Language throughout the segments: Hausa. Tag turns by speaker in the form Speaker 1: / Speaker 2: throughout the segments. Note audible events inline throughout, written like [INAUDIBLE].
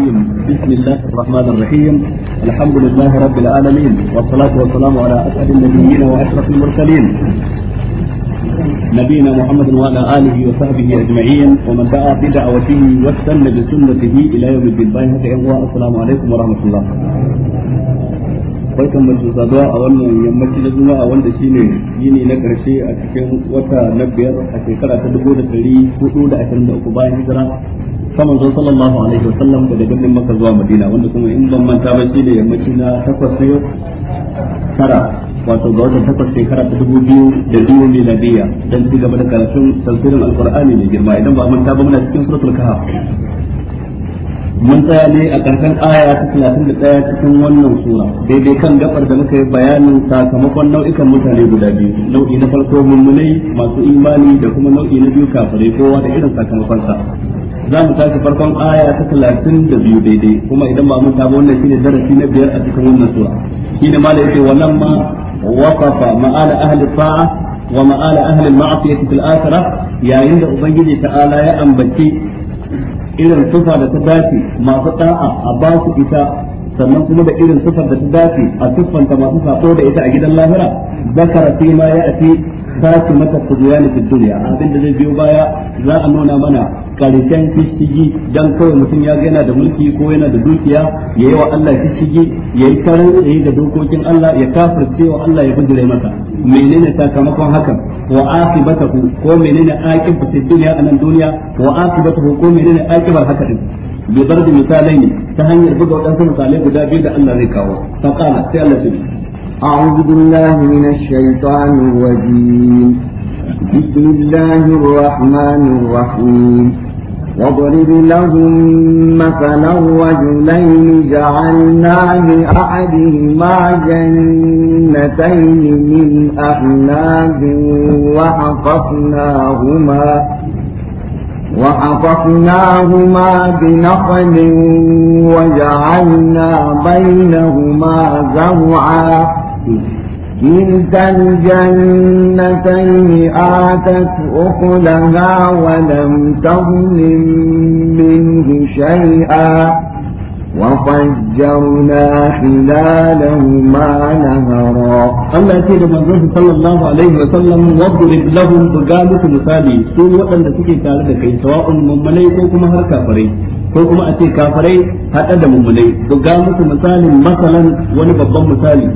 Speaker 1: الرجيم بسم الله الرحمن الرحيم الحمد لله رب العالمين والصلاة والسلام على أسعد النبيين وأشرف المرسلين نبينا محمد وعلى آله وصحبه أجمعين ومن دعا بدعوته واستنى بسنته إلى يوم الدين السلام عليكم ورحمة الله barkan mu saduwa a wannan yammaci na juma'a wanda shine yini na karshe a cikin wata na biyar a shekara ta dubu da ɗari hudu da ashirin da uku bayan hijira ta manzo sallallahu alaihi wa sallam daga birnin maka zuwa Madina wanda kuma in ban manta ba shi da yammaci na takwas sai tara wato ga watan takwas shekara ta dubu biyu da biyu miladiya dan ci gaba da karatun tafsirin alqur'ani mai girma idan ba manta ba muna cikin suratul kahf mun tsaya ne a ƙarshen aya ta talatin da ɗaya cikin wannan sura daidai kan gabar da muka yi bayanin sakamakon nau'ikan mutane guda biyu nau'i na farko mummunai masu imani da kuma nau'i na biyu kafirai kowa da irin sakamakonsa za mu tashi farkon aya ta talatin da biyu daidai kuma idan ba mun saba wannan shine darasi na biyar a cikin wannan sura shine ma da yake wannan ma waqafa ma'ala ahli fa'a wa ma'ala ahli al-ma'siyati fil yayin da ubangiji ta'ala ya ambaci irin sufa da ta dace masu da'a a ba su ita sannan kuma da irin sufa da ta dace a siffanta masu sako da ita a gidan lahira zakara fi ma ya ati khatimata tughyan fi duniya abinda zai biyo baya za a nuna mana karshen fishigi dan kawai mutum ya ga yana da mulki ko yana da dukiya ya yi wa Allah fishigi ya yi karan tsaye da dokokin Allah ya kafirce cewa Allah ya bijire masa menene sakamakon hakan wa akibatahu ko menene akibatu dunya anan duniya wa akibatahu ko menene akibar haka din bi da misalai ne ta hanyar buga wadansu misalai guda biyu da Allah zai kawo qala sai Allah ya أعوذ بالله من الشيطان الرجيم
Speaker 2: بسم الله الرحمن الرحيم واضرب لهم مثلا رجلين جعلنا لأحدهما جنتين من أعناب وحققناهما وحفظناهما بنخل وجعلنا بينهما زرعا كلتا الجنتين آتت أكلها ولم تظلم منه شيئا وفجرنا خلالهما
Speaker 1: نهرا الله يتيد من صلى الله عليه وسلم واضرب لهم تقامة مثالي سوء أن تكي تارد كي سواء من مليكوكم هركا فريد ko kuma a ce kafirai haɗa da mummunai buga musu misalin masalan wani babban misali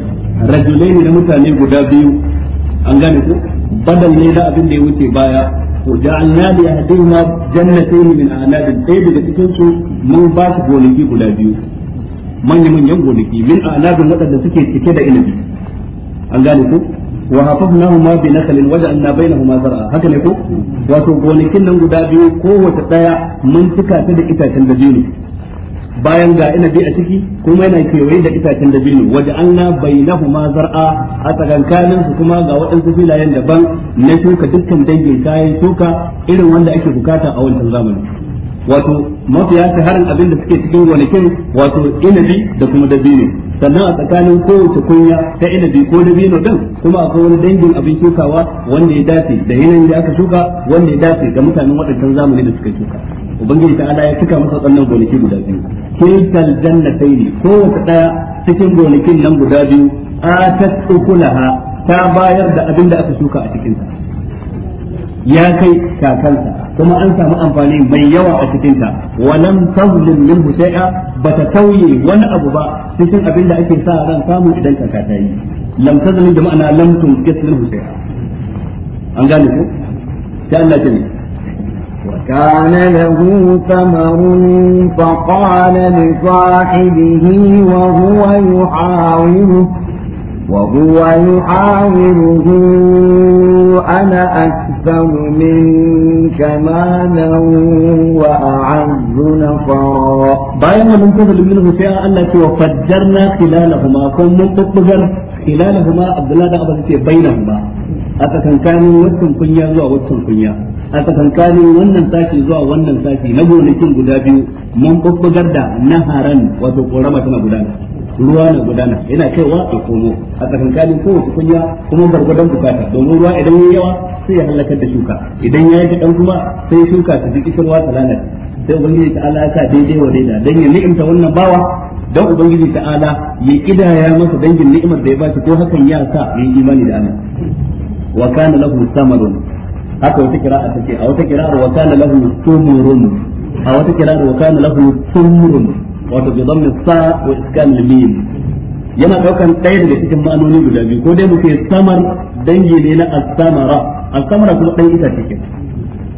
Speaker 1: rajulaini na mutane guda biyu an gane ko badal ne da abin da ya wuce baya to ya hadu na jannatayn min a'nabin dai daga cikin su mun ba su gonaki guda biyu manyan manyan gonaki min a'nabin wadanda suke cike da ilimi an gane ko wa hafafnahuma bi wa waja'alna bainahuma zar'a haka ne ko wato gonakin nan guda biyu kowace daya mun cika ta da itacen dabino bayan ga inabi a ciki kuma yana kewaye da itacen dabino waje an na bainahuma zar'a a tsakankanin su kuma ga waɗansu filayen daban na shuka dukkan dangin kayan shuka irin wanda ake bukata a wancan zamani wato mafiya harin abin da suke cikin gonakin wato inabi da kuma dabino sannan a tsakanin kowace kunya ta inabi ko dabino din kuma akwai wani dangin abin shukawa wanda ya dace da yanayin da aka shuka wanda ya dace ga mutanen waɗancan zamani da suka shuka ubangiji ta ya cika masa wannan gonaki guda biyu kiltal jannatayn kowace daya cikin gonakin nan guda biyu atat ukulaha ta bayar da abin da aka shuka a cikin ta ya kai kakansa kuma an samu amfani mai yawa a cikin ta walam tazlim minhu shay'a bata tauye wani abu ba cikin abin da ake sa ran samu idan kaka ta yi lam tazlim da ma'ana lam tunqis minhu shay'a an gane ko sai Allah ya وكان له ثمر
Speaker 2: فقال لصاحبه وهو يحاوره وهو يحاوره أنا أكثر منك مالا وأعز نفرا
Speaker 1: بايما من تفل منه سيئة التي وفجرنا خلالهما كم من تطبقر خلالهما عبد الله بن عباس بينهما أتكن كانوا وسم كنيا وسم كنيا a tsakankanin wannan sashi zuwa wannan sashi na gonakin guda biyu mun babbagar da naharan wato korama tana gudana ruwa na gudana yana kaiwa a komo a tsakankanin kowace kunya kuma gargadon bukata domin ruwa idan yayi yawa sai ya halakar da shuka idan ya yi ɗan kuma sai shuka ta jiki kishirwa ta lalata, sai ubangiji ta ala ka daidai wa daida dan ya ni'imta wannan bawa dan ubangiji ta ala ya kidaya masa dangin ni'imar da ya bashi ko hakan ya sa yin imani da Allah wa kana lahu samadun haka wata kira'a take a wata kira'ar wa kana lahu tumurun a wata kira'ar wa kana lahu tumurun wato bi dhammi sa wa iskan limin yana daukan ɗaya daga cikin ma'anoni guda biyu ko dai muke samar dangi ne na as-samara as-samara kuma ɗan ita take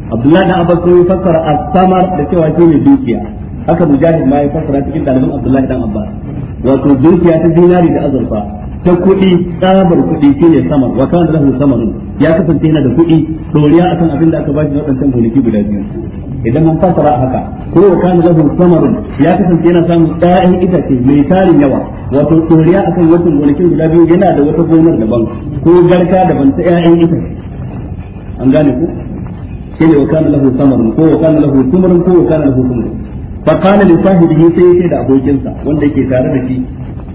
Speaker 1: Abdullahi da Abbas sun fassara as-samar da cewa shi ne dukiya haka mujahid ma ya fassara cikin dalilin Abdullahi dan Abbas wato dukiya ta dinari da azurfa ta kuɗi tsabar kuɗi shi ne samar wa kana lahu samar ya kasance yana da kuɗi doriya akan abin da aka bashi na wadancan gonaki guda biyu idan an fasara haka ko wa kana lahu samar ya kasance yana samun ɗayan itace mai tarin yawa wato doriya akan wancan gonaki guda biyu yana da wata gonar daban ko garka daban ta ƴaƴan itace an gane ku shi ne wa kana lahu samar ko wa kana lahu samar ko wa kana lahu samar fa kana li sahibihi sai ya da abokinsa wanda yake tare da shi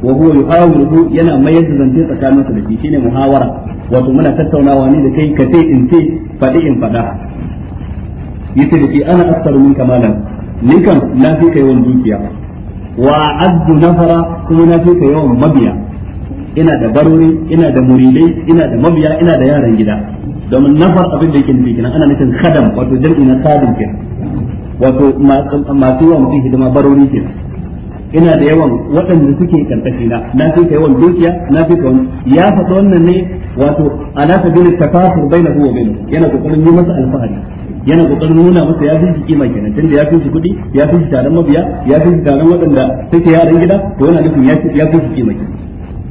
Speaker 1: wa huwa yuhawiruhu yana mayar da zance tsakanin su da shi shine muhawara wato muna tattaunawa ne da kai ka ce in ce faɗi in faɗa yace da shi ana asaru min kamalan ni kan na fi ka yawan dukiya wa addu nafara kuma na fi ka yawan mabiya ina da barori ina da muridai ina da mabiya ina da yaran gida domin nafar abin da ana wato jam'i na hidima barori ina da yawan waɗanda suke karkashi na na fi ka yawan dukiya na fi ka wani ya faɗi wannan ne wato ala bai na bainahu bai na yana kokarin yi masa alfahari yana kokarin nuna masa ya fi shi kima kenan tunda ya fi shi kuɗi ya fi shi taron mabiya ya fi shi taron waɗanda suke yaran gida to yana nufin ya fi shi kima kenan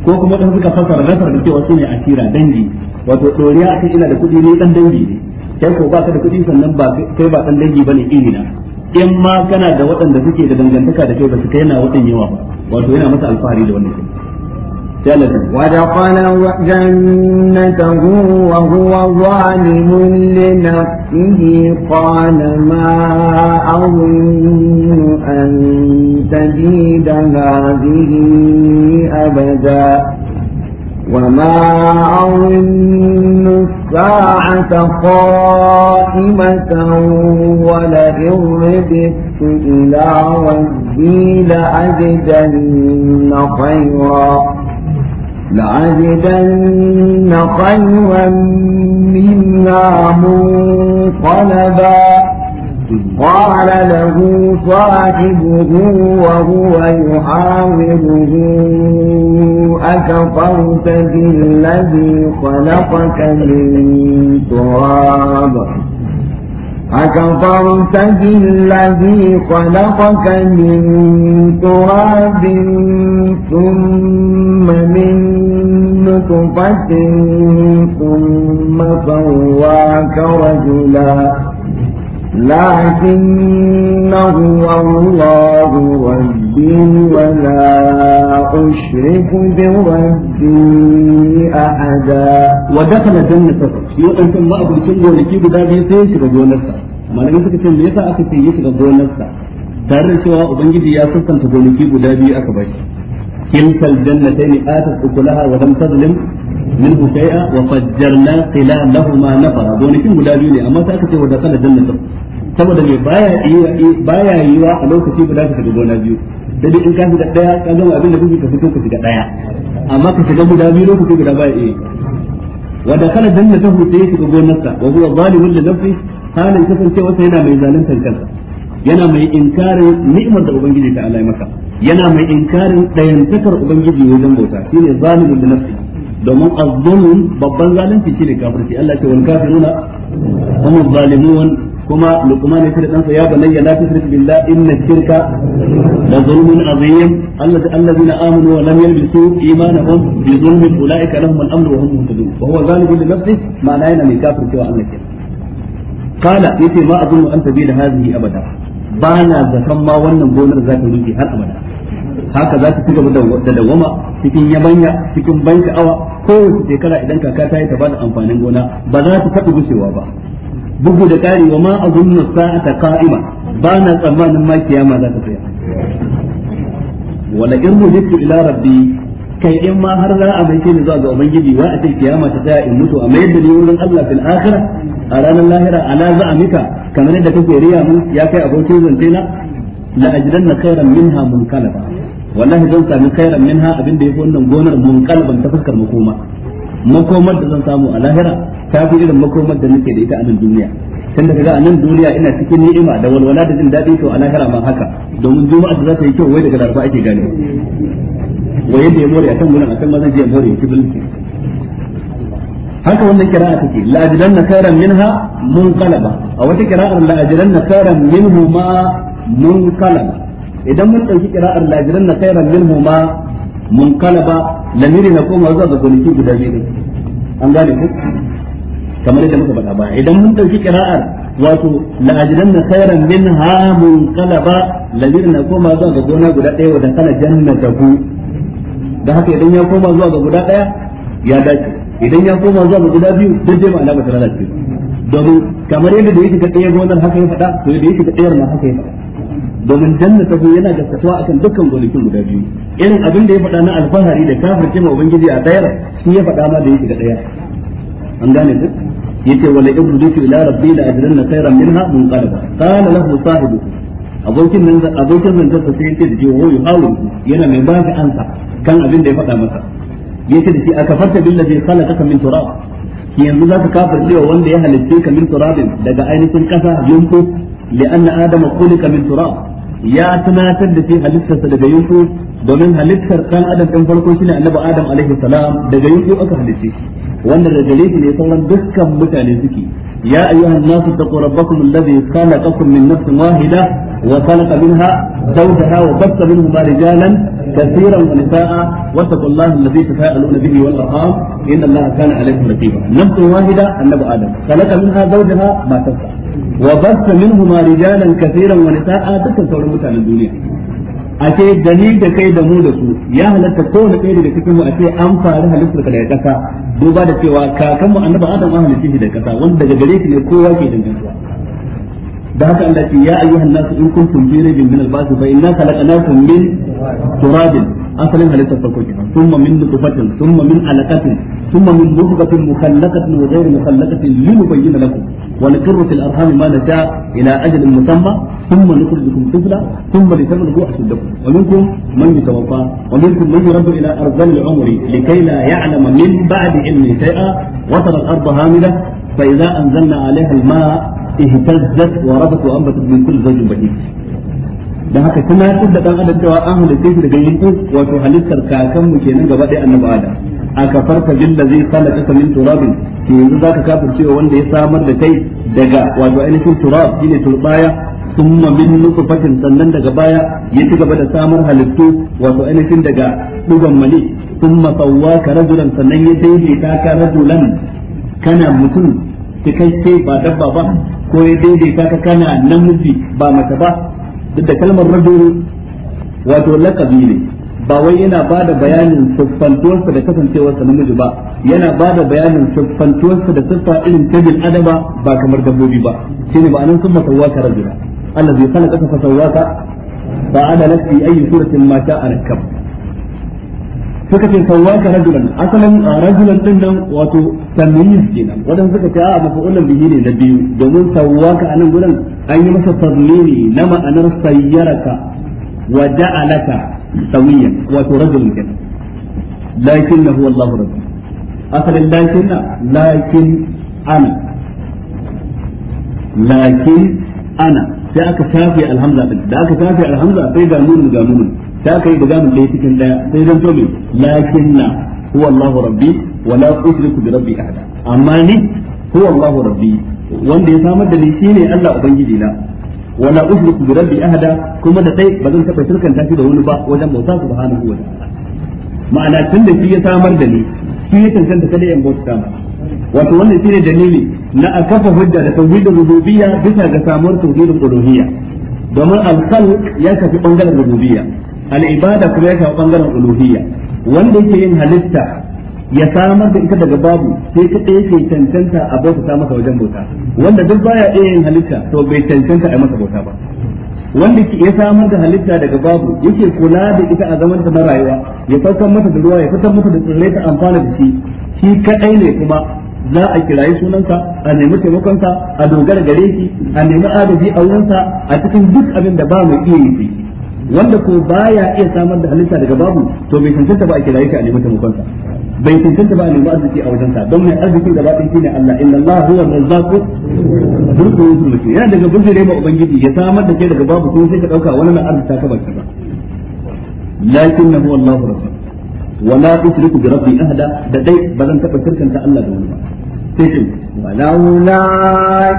Speaker 1: ko kuma dan suka fasara nasar da cewa a asira dangi wato doriya akan ina da kuɗi ne dan dangi ne kai ko ba ka da kuɗi sannan ba kai ba dan dangi bane ina in ma kana da waɗanda suke da dangantaka da kai ba su kai na waɗin yawa ba wato yana masa alfahari da wannan
Speaker 2: ودخل جنته وهو ظالم لنفسه قال ما أظن أن تزيد هذه أبدا وما أظن الساعة قائمة ولئن رددت إلى ربي لأجدن خيرا لأجدن خيرا منها منقلبا قال له صاحبه وهو يحاوره أكفرت بالذي خلقك من تراب أكفرت بالذي خلقك من تراب ثم من نطفة ثم سواك رجلاً لكن هو الله ربي ولا أشرك بربي
Speaker 1: أحدا ودخل جنته يؤمن ثم أبو كل ولكي بدابي سيشك جونسا ما لم يسك تنبيسا أكتي يشك جونسا tare da cewa ubangiji ya sassanta gonaki guda biyu aka bari kilkal jannatayn atat ukulaha wa lam tazlim minhu shay'a wa fajjarna khilalahuma nafara gonakin guda biyu ne amma sai aka ce wa dakala jannatu saboda me baya iya baya yiwa a lokaci guda ka shiga gona biyu dai in ka shiga daya ka zama abin da kake ka fito ka shiga daya amma ka shiga guda biyu lokaci guda baya yi
Speaker 3: iya
Speaker 1: wa dakala jannatu sai shiga gonarsa wa huwa zalimun li nafsi halin kasancewa sai yana mai zaluntar kansa yana mai inkarin ni'imar da ubangiji ta Allah maka yana mai inkarin dayantakar ubangiji wajen bauta shine zalimun li nafsi domin azzulmun babban zalunci shine kafirci Allah ce wal kafiruna Kuma zalimun kuma luqman ya ce dan sa ya bunayya la shirka. billah inna shirka la zulmun azim allazi allazina amanu wa lam yalbisu imanahum bi zulmin ulaika lahum al-amru wa hum muhtadun wa huwa zalimun li nafsihi ma'ana yana mai kafirci wa Allah Qala kenan قال يتي ما أظن أن تبيد هذه أبدا بانا زكما ونن بونر ذات rufe har abada. haka za su ci gaba da dawama cikin yabanya cikin ban sha'awa kowace shekara idan kaka ta yi ta bada amfanin gona ba za ta taɓa gushewa ba bugu da ƙari wa ma sa'a sa'ata ƙa'ima ba na tsammanin ma kiyama za ta tsaya wala in mujitu ila rabbi kai in ma har za a maike ni zuwa ga ubangiji wa a ce kiyama ta tsaya in mutu a mai da ni wurin Allah fil akhirah a ranar lahira ala mika kamar yadda kake riya mun ya kai abokin zance na la ajidanna khairan minha munqalaba wallahi zan sami khairan minha abinda yafi wannan gonar munqalaban ta fuskar makoma makomar da zan samu a lahira ta fi irin makomar da nake da ita a nan duniya tun da kaga a nan duniya ina cikin ni'ima da walwala da jin daɗi to a lahira ma haka domin juma'a da za ta yi kyau wai daga laraba ake gane wa yadda ya more a akan gurin kan ma zai je more ki bilki haka wannan kira'a take la ajidanna khairan minha munqalaba a wata kira'ar la na khairan minhu ma mun kalaba idan mun ɗauki kira'ar lajiran na khairan minhu ma mun kalaba lamiri na koma zuwa ga gonaki guda biyu an gane ku kamar yadda muka faɗa ba idan mun ɗauki kira'ar wato la'ajiran na khairan minha mun kalaba lamiri na koma zuwa ga gona guda da haka idan ya koma zuwa ga guda ɗaya ya dace idan ya koma zuwa ga guda biyu duk ma ma'ana ba ta lalace domin kamar yadda da yake ga ɗaya gonar haka ya faɗa to da yake ga tsayar na haka ya faɗa domin janna ta yana da kasuwa akan dukkan gonakin guda biyu irin abin da ya faɗa na alfahari da kafirce ma ubangiji a tsayar shi ya faɗa ma da yake ga ɗaya an gane duk yace wala ibrudu ila rabbi la ajranna khayran minha munqalaba qala lahu sahibu abokin nan abokin nan da sai yake da jiwo wa hawo yana mai ba ka ansa kan abin da ya faɗa masa yake da shi akafarta billazi khalaqaka min turab yanzu zaka kafirce wa wanda ya halitta ka min turabin daga ainihin kasa yunku li'anna adama khuliqa min turab ya tunatar da shi halittarsa daga yunku domin halittar ɗan adam din farko shine annabi adam alaihi salam daga yunku aka halitta wanda daga gare shi ne sauran dukkan mutane suke يا أيها الناس اتقوا ربكم الذي خلقكم من نفس واحدة وخلق منها زوجها وبث منهما رجالا كثيرا ونساء واتقوا الله الذي تساءلون به والأرحام إن الله كان عليكم رقيبا نفس واحدة النبي آدم خلق منها زوجها ما تسعى وبث منهما رجالا كثيرا ونساء تكن سورة الدنيا a ce da da kai da mu da su ya halatta kowane kai da cikin mu a ce an faru halittar daga ƙasa duba da cewa kakanmu annabi adam an halitta shi da kasa wanda daga gare shi ne kowa ke dangantuwa da haka Allah ya ayyuhan nasu in kun fi rajin min al-ba'th fa inna khalaqnakum min turabin asalin halittar farko kenan thumma min nutfatin thumma min alaqatin thumma min mudghatin mukhallaqatin wa ghayr mukhallaqatin linubayyana lakum wa nuqirru fil arham ma nasha ila ajalin musamma thumma nukhrijukum tifla thumma litamliku ashuddakum wa minkum man yatawaffa wa minkum man yuraddu ila ardhil umri likay la ya'lama min ba'di ilmi shay'a wa tara al-ardha hamida fa idza anzalna 'alayha al-ma'a اهتزت وربت وانبتت من كل زوج بهيج Da haka tunatar da an adam cewa an halitta shi daga yin wato halittar kakan mu kenan gaba ɗaya annabi adam a kafarta billa zai khalaqaka min turabin to yanzu zaka cewa wanda ya samar da kai daga wato ainihin turab shine turbaya ثم من نطفة sannan daga baya ya ci gaba da samar halittu wato ainihin daga dugan mali thumma sawwaka rajulan sannan ya daidaita ka rajulan kana mutum cikakke ba dabba ba ko ya daidaita ka kana namiji ba mace ba duk da kalmar rajul wato laqabi ne ba wai yana ba da bayanin siffantuwarsa da kasancewarsa namiji ba yana ba da bayanin siffantuwarsa da siffa irin ta bil adaba ba kamar dabbobi ba shine ba anan sun masawaka rajula Allah zai kana kasa fasawaka ba ana lafi ayi suratin ma sha anakam suka ce sawaka rajulan asalin rajulan din nan wato tamyiz kenan wadan suka ce a mafu'ulan bihi ne na biyu domin sawaka anan gurin an yi masa tarmimi na ma'anar sayyaraka wa ja'alaka sawiya wato rajulun kenan lakin huwa Allahu rabbi asalin lakin na lakin ana lakin ana sai aka shafe alhamza din da aka shafe alhamza sai ga nun ga nun ta kai da gamin da cikin daya sai zan to me lakin na huwa Allahu rabbi wa la ushriku bi rabbi ahada amma ni huwa Allahu rabbi wanda ya samar da ni shine Allah ubangiji na wala ushriku bi rabbi ahada kuma da ba bazan taba shirkanta shi da wani ba wajen bauta subhanahu wa ta'ala ma'ana tun da shi ya samar da ni shi ya tantance kada yan bauta ma wato wannan shine dalili na akafa kafa hujja da tauhidin rububiyya bisa ga samuwar tauhidul uluhiyya domin al-khalq ya kafi bangaren rububiyya al-ibada kuma ya kafi bangaren uluhiyya wanda yake yin halitta ya samar da ita daga babu sai ta ɗaya ke cancanta a bauta ta masa wajen bauta wanda duk baya iya yin halitta to bai cancanta a masa bauta ba wanda ke ya samar da halitta daga babu yake kula da ita a zaman ta na rayuwa ya saukar masa da ruwa ya fitar masa da tsirrai ta amfana da shi shi kadai ne kuma za a kirayi sunansa a nemi taimakonsa a dogara gare shi a nemi adabi a wurinsa a cikin duk abin da ba mai iya yi wanda ko baya iya samar da halitta daga babu to bai cancanta ba a kirayi ka a nemi taimakonsa bai tantance ba ne ba arziki a wajen sa don mai arziki da ba shine Allah inna Allah huwa razzaqu zul quwwatul yana daga bujire ma ubangiji ya samar da kai daga babu ko sai ka dauka wani na arzika ka baki ba na lakinnahu Allahu razzaq wa la ushriku bi rabbi ahada da dai ba zan taba shirkanta Allah da wani ba sai ولولا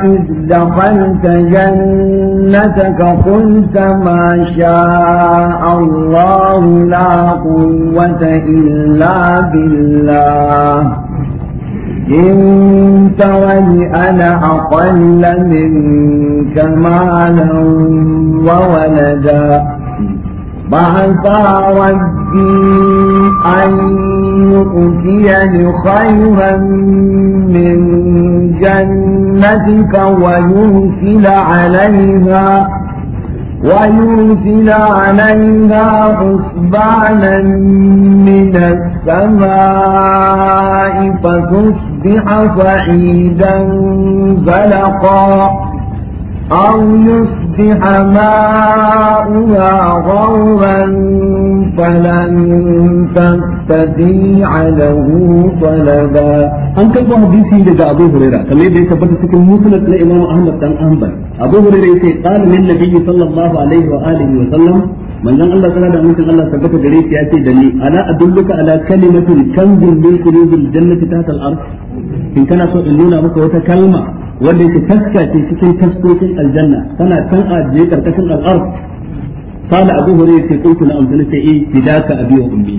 Speaker 2: إذ دخلت جنتك قلت ما شاء الله لا قوة إلا بالله إن تول أنا أقل منك مالا وولدا فعسى ربي أن نؤتي خيرا من جنتك ويرسل عليها ويرسل عليها حسبانا من السماء فتصبح صعيدا زلقا أو يصبح أصبح ماؤها غورا فلن تستطيع له
Speaker 1: طلبا أن كيف حديثي لدى أبو هريرة كما يبدأ ثبت سكن مسند لإمام أحمد بن أنبل أبو هريرة قال manzon Allah sana da amincin Allah tabbata gare shi ya ce da ni ala adulluka ala kalimatin tanzil bil qulubil jannati tahta al-ard in kana so in nuna maka wata kalma wanda yake taska ce cikin taskokin aljanna tana kan ajiye karkashin al'arf qala abu hurairah ce kuntu na amsana sai eh bidaka abi wa ummi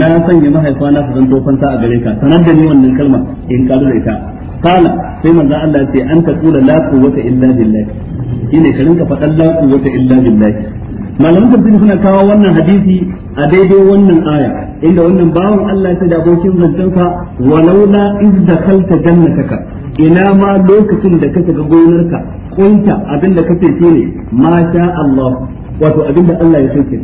Speaker 1: na sanya mahaifa na su zanto fanta a gare ka sanar da ni wannan kalma in karu da ita qala sai manzo Allah ce an ta la quwwata illa billah ka fadan la quwwata illa billah malamin tafsiri suna kawo wannan hadisi a daidai wannan aya inda wannan bawan Allah ya da abokin zantansa walaula iz dakalta jannataka ina ma lokacin da ka ga gonarka kunta abinda kace shine ma sha Allah wato abinda Allah ya sauke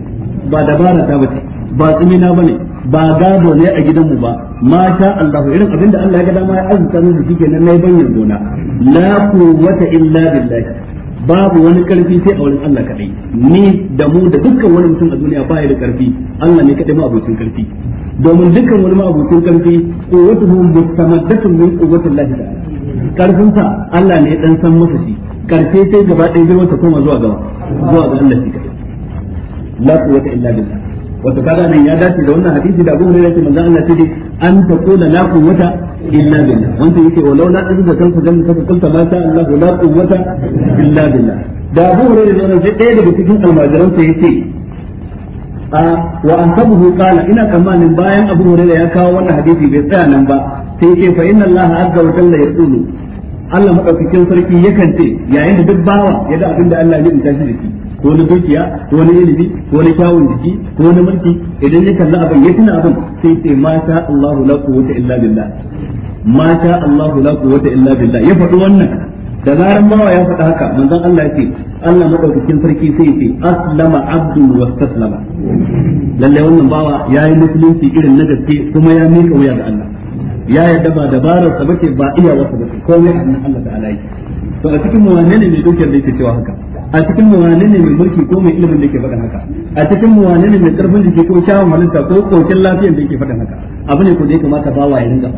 Speaker 1: ba dabara ta bace ba tsumina bane ba gado ne a gidanmu ba ma sha Allah irin abinda Allah ya ga dama ya azurta mu da shi kenan nayi banyan gona la quwwata illa billah babu wani karfi sai a wurin Allah kadai ni da mu da dukkan wani mutum a duniya ba da karfi Allah ne kadai ma'abucin karfi domin dukkan wani ma'abucin karfi quwwatuhu mustamaddatun min quwwati Allah ta'ala karfin sa Allah ne dan san masa shi karfe sai gaba ɗaya zai ta koma zuwa gaba zuwa ga Allah shi kadai la quwwata illa billah wato kaga nan ya dace da wannan hadisi da Abu Hurairah ce manzon Allah ce an taqula la quwwata illa billah wanda yake walau la azza kanku dan ka kulta ma sha Allah la quwwata illa billah da Abu Hurairah ne sai ɗaya daga cikin almajiran sa yace a wa asabuhu qala ina kamanin bayan Abu Hurairah ya kawo wannan hadisi bai tsaya nan ba sai yace fa inna Allah azza wa jalla yaqulu Allah madaukakin sarki yakan ce yayin da duk bawa ya da abin da Allah ya yi tashi da shi ko na dukiya ko na ilimi ko na kyawun jiki ko na mulki idan ya kalla abin ya tuna abin sai sai ma sha Allahu la quwwata illa billah ma sha Allahu la quwwata illa billah ya faɗi wannan da zaran bawa ya faɗi haka manzon Allah ya ce Allah madaukakin sarki sai ce aslama abdun wastaslama lalle wannan bawa yayi musulunci irin na gaske kuma ya mika wuya ga Allah ya yadda ba dabarar sa bace ba iyawarsa bace komai annan Allah ta'ala alai to a cikin muwane ne mai dukiyar da yake cewa haka a cikin muwane ne mai mulki ko mai ilimin da yake faɗin haka a cikin muwane ne mai da jiki ko kyawun halitta ko kokin lafiyar da yake faɗin haka abu ne ko da ya kamata ba wa ringa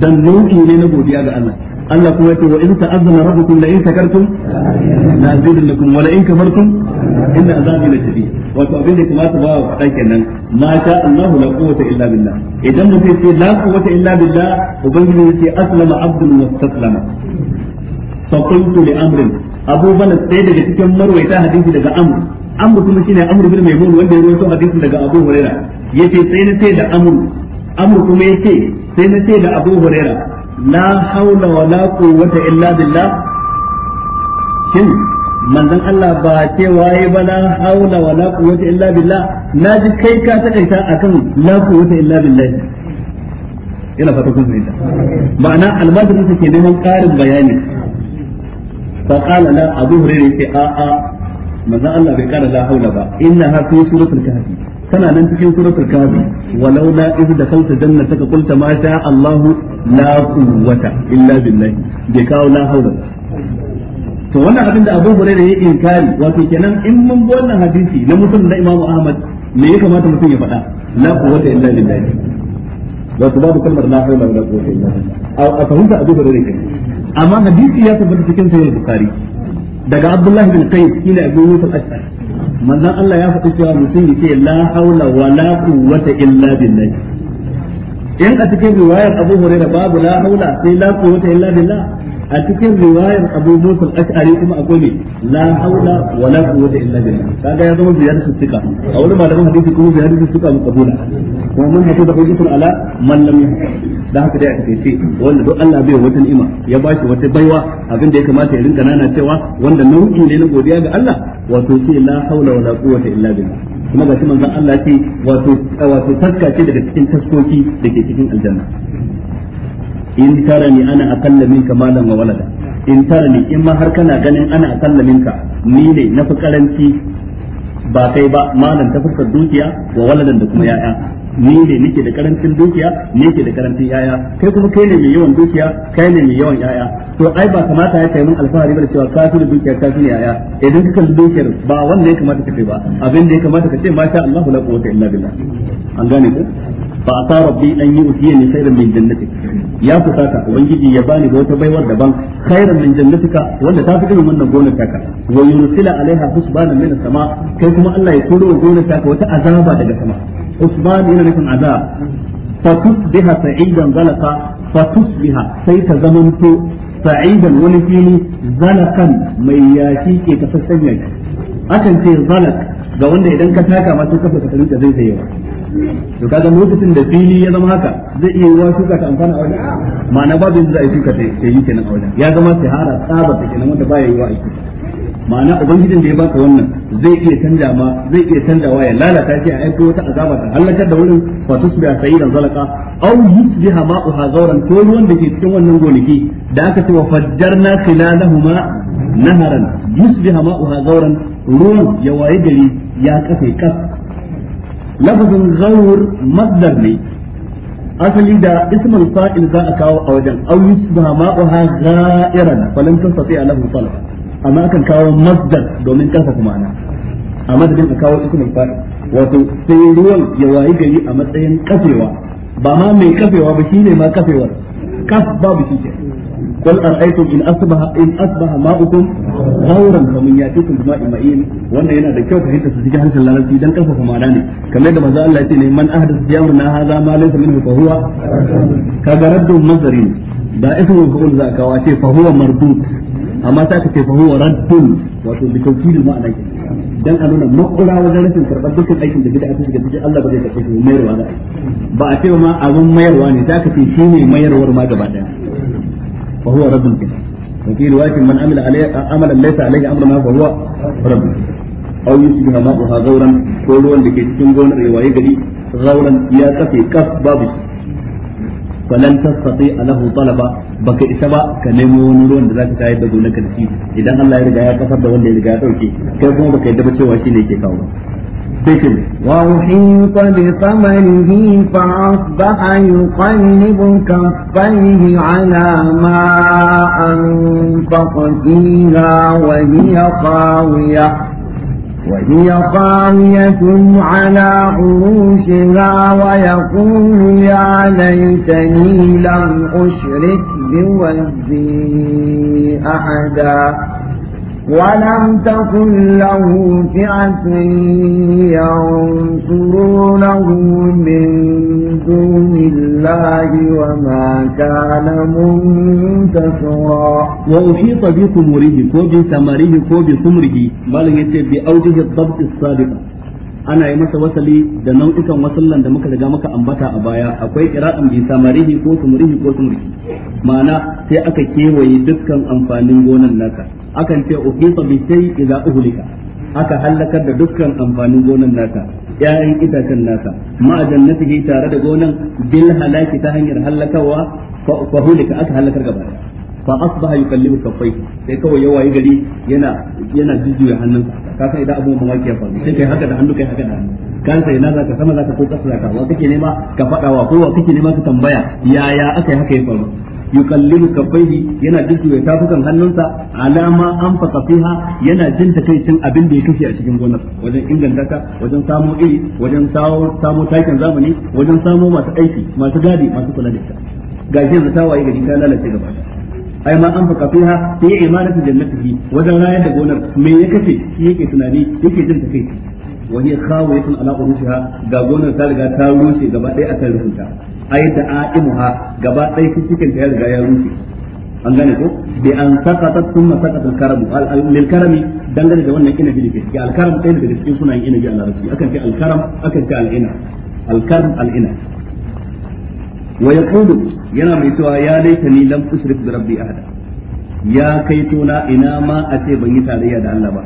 Speaker 1: dan nau'i ne na godiya ga Allah Allah kuma ya ce wa in ta'azzana rabbukum la in shakartum la azidannakum wa la in kafartum inna azabi la shadid wato abin da ta ba wa faɗa kenan ma sha Allah la quwwata illa billah idan mutum ya ce la quwwata illa billah ubangiji ya ce aslama abdul mustaslama fa qultu li amrin abu balad daga cikin marwaita hadisi daga amr amr kuma shine amr bin maimun wanda ya rawaito hadisi daga abu huraira yace sai na sai da amr amr kuma yace sai na sai da abu huraira la haula wala quwwata illa billah shin manzon Allah ba cewa yi ba la haula wa la quwwata illa billah na ji kai ka takaita akan la quwwata illa billah ina fata kun fahimta ma'ana almajirin ke neman karin bayani fa qala la abu hurairah yace a a manzo Allah bai kara la haula ba innaha fi suratul kahfi tana nan cikin suratul kahfi walau la iz dakalta jannataka qulta ma sha Allah la quwwata illa billah bai kawo haula to wannan abin da Abu Hurairah ya inkari wato kenan in mun bi wannan hadisi na mutum da Imam Ahmad me ya kamata mutum ya faɗa la quwwata illa billah wato babu kalmar la haula wala quwwata illa billah a fahimta abu hurairah kenan amma hadisi ya tabbata cikin sahih bukhari daga abdullahi bin qais kila abu yusuf al-ashari manzon Allah ya faɗi cewa mutum yace la haula wa wala quwwata illa billah in a cikin riwayar abu hurairah babu la haula sai la quwwata illa billah a cikin riwayar Abu Musa al-Ash'ari kuma akwai ne la haula wala quwwata illa billah kaga ya zama ziyaratu sika a wurin malaman hadisi kuma ziyaratu sika makabula kuma mun hadu da hujjatul ala man lam yahdi da haka dai a takeice wanda duk Allah bai wata ni'ima ya bashi wata baiwa abin da ya kamata ya rinka nana cewa wanda nau'i ne na godiya ga Allah wato ce la haula wala quwwata illa billah kuma ga shi manzon Allah ce wato wato taskace daga cikin taskoki da ke cikin aljanna in tarani ana akalla minka malan wa walada in tarani in ma har kana ganin ana akalla minka ni ne na fi karanci ba kai ba malan ta fuskar dukiya wa waladan da kuma yaya ni ne nake da karancin dukiya ni ke da karancin yaya kai kuma kai ne mai yawan dukiya kai ne mai yawan yaya to ai ba kamata ya kai mun alfahari ba da cewa kafi da dukiya kafi ne yaya idan ka kalli dukiyar ba wanda ya kamata ka ce ba abin da ya kamata ka ce masha Allah la quwwata illa billah an gane ko fa asa rabbi an yu'tiyani khairan min jannatik ya fusata ubangiji ya bani da wata baiwar daban khairan min jannatika wanda ta fi irin wannan gonar taka wa yursila alaiha husbanan min sama kai kuma Allah ya turo gonar taka wata azaba daga sama usman yana nufin azab fa tusbiha sa'idan zalaka fa tusbiha sai ta zamanto sa'idan wani fili zalakan mai yashi ke tafassanya akan ce zalak ga wanda idan ka taka ma sai kafa ka rinka zai zaiwa to kaga lokacin da fili ya zama haka zai iya yiwa shuka ta amfana a wajen ma'ana babu yadda za a yi shuka ta yi kenan a wajen ya zama sahara tsaba ta kenan wanda ba ya yiwa a shuka ma'ana ubangijin da ya baka wannan zai iya canja ma zai iya wa ya lalata shi a aiki wata azaba ta halakar da wurin fa tusbiha sayyidan zalaka aw yusbiha ma'uha zauren, ko ruwan da ke cikin wannan gonaki da aka ce wa na na na yi su naharan yusbiha ma'uha zauren, ruwan ya waye gari ya kafe kas lafazin gawur masdar ne asali da ismul fa'il za a kawo a wajen ma aw yusbaha ma'uha gha'iran falan tastati lahu talaba amma akan kawo masdar domin karfafa ma'ana a madadin a kawo ismul fa'il wato sai ruwan ya wayi gari a matsayin kafewa ba ma mai kafewa ba shine ma kafewar kaf babu shi kenan قل أرأيتم إن أصبح إن أصبح ماؤكم غورا فمن يأتيكم بماء معين وأن هنا ذكر في حتة سجاحة الله في دنك فهو معناني كما يدب هذا الله يتيني من أهدف سجاورنا هذا ما ليس منه فهو كبرد مزرين da ifin hukumar za ka wace fahuwa mardut amma ta ka ce fahuwa raddun wato da kauki da ma'ana ke dan a nuna makura wajen rashin karɓar dukkan aikin da gida aka shiga Allah ba ka ce mayarwa ba a ce ma abun mayarwa ne ta ka ce shine mayarwar ma gaba daya fa huwa raddul bid'ah wa fi riwayatin man amila alayhi amalan laysa alayhi amruna fa huwa raddul aw yusbiha ma'uha ghawran ko ruwan da ke cikin gonar ya waye gari ghawran ya kafe kaf babu falan tastati alahu talaba baka isa ba ka nemo wani ruwan da zaka tayar da gonar ka da idan Allah ya riga ya kafar da wanda ya ya dauke kai kuma baka yadda ba cewa shine yake kawo
Speaker 2: وأحيط بثمره فأصبح يقلب كفيه على ما أنفق فيها وهي خاوية وهي خاوية على عروشها ويقول يا ليتني لم أشرك بوزي أحدا ولم تكن له فئة ينصرونه من دون الله
Speaker 1: وما كان منتصرا وأحيط بثمره كوب ثمره كوب ثمره بل يتبع أوجه الضبط السابقة ana yi masa wasali da nau'ikan wasallan da muka riga muka ambata a baya akwai qira'an bi samarihi ko sumrihi ko sumriki ma'ana sai aka kewaye dukkan amfanin gonan naka akan ce uhita bi sai idza uhlika aka halakar da dukkan amfanin gonan naka ƴaƴan itacen naka ma jannatihi tare da gonan bil halaki ta hanyar halakawa fa uhlika aka halakar gaba fa asbaha yukallimu kaffayhi sai kawai ya wayi gari yana yana jujjuya hannunsa ka san idan abubuwan mamaki ya faru sai kai haka da hannu kai haka da hannu kan sai na zaka sama zaka ko kasa zaka wa kake nema ka fada wa ko wa kake nema ka tambaya yaya aka yi haka ya faru yukallimu kaffayhi yana jujjuya tafukan hannunsa alama anfaqa fiha yana jin ta kai cin abin da ya kashe a cikin gonar wajen inganta ta wajen samo iri wajen samo takin zamani wajen samo masu aiki masu gadi masu kula da ita gashi yanzu ta waye gari ta lalace gaba ɗaya ai ma an faka fiha fi imanati fi wajen rayar da gonar me ya kace shi yake tunani yake jin takeici wa hiya khawiyatun ala urushiha ga gonar ta riga ta rushe gaba ɗaya akan rufinta ai da aimuha gaba ɗaya cikin ta ya riga ya rushe an gane ko bi an saqatat thumma saqata al-karam lil karami dangane da wannan inabi da ke al-karam ɗaya daga cikin sunayen inabi a larabci akan ce al-karam akan ce al-ina al-karam al-ina wa yaqudu yana mai cewa ya laita ni lam ushrik bi rabbi ahada ya kai tona ina ma a ce ban yi tarayya da Allah ba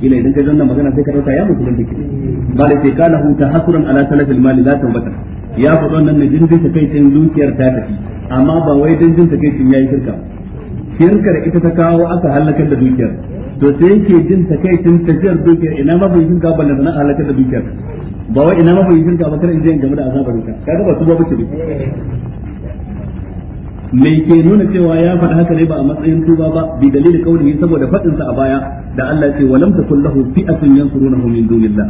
Speaker 1: kila idan ka zanna magana sai ka dauka ya musulun dake ba da sai kana huta hasuran ala salafil mali la tawbata ya faɗo wannan ne jin dinka kai tin dukiyar ta tafi amma ba wai dinka kai yi yayi shirka shirkar ita ta kawo aka halakar da dukiyar to sai yake jin takaicin tafiyar dukiyar ina ma bai jinka balle na halakar da dukiyar ba wai ina ma bai jinka ba kada in je in game da azabar ka kaga ba su ba bace mai ke nuna cewa ya faɗa haka ne ba a matsayin tuba ba bi dalilin kaulihi saboda faɗin sa a baya da Allah ce walam takul lahu fi'atun yansurunahu min dunillah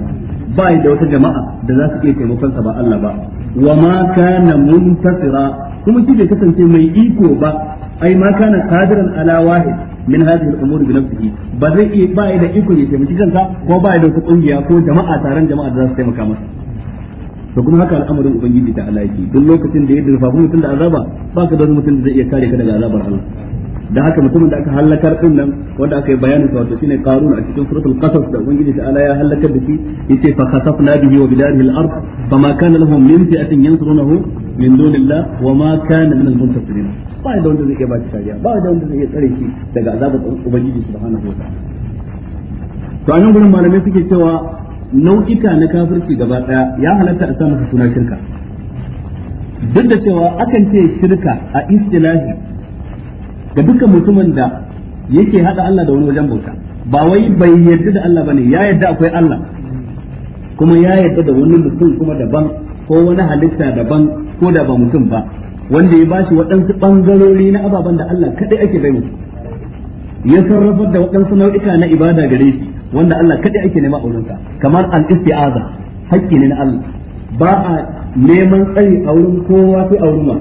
Speaker 1: ba da wata jama'a da za su iya taimakon sa ba Allah ba wa ma kana muntasira kuma shi bai kasance mai iko ba ai ma kana qadiran ala wahid min hadhihi al-umuri bi nafsihi ba zai iya ba da iko ya taimaki kansa ko ba da wata kungiya ko jama'a taron jama'a da za su taimaka masa to kuma haka al'amarin ubangiji ta Allah yake duk lokacin da ya dirfa mutum da azaba ba ka da wani mutum da zai iya kare ka daga azabar Allah da haka mutumin da aka halakar din nan wanda aka yi bayanin sa wato shine qarun a cikin suratul qasas da ubangiji ta ala ya halakar da shi yace fa khasafna bihi wa bidarihi al-ard fama kana lahum min fi'atin yansurunahu min dunillah wa ma kana min al muntasirin ba da wanda zai iya baki kariya ba da wanda zai iya tsare shi daga azabar ubangiji subhanahu wa ta'ala to anan gurin malamai suke cewa nau'ika na kafirci gaba daya ya halatta a samu suna shirka duk da cewa akan ce shirka a istilahi ga dukkan mutumin da yake hada Allah da wani wajen bauta ba wai bai yarda da Allah bane ya yarda akwai Allah kuma ya yarda da wani mutum kuma daban ko wani halitta daban ko da ba mutum ba wanda ya bashi waɗansu ɓangarori na ababen da Allah kaɗai ake bai musu ya sarrafar da waɗansu nau'ika na ibada gare shi wanda Allah kaɗai ake nema aurinsa kamar al-isti'aza hakki ne na Allah ba a neman tsari a wurin kowa sai a wurin ma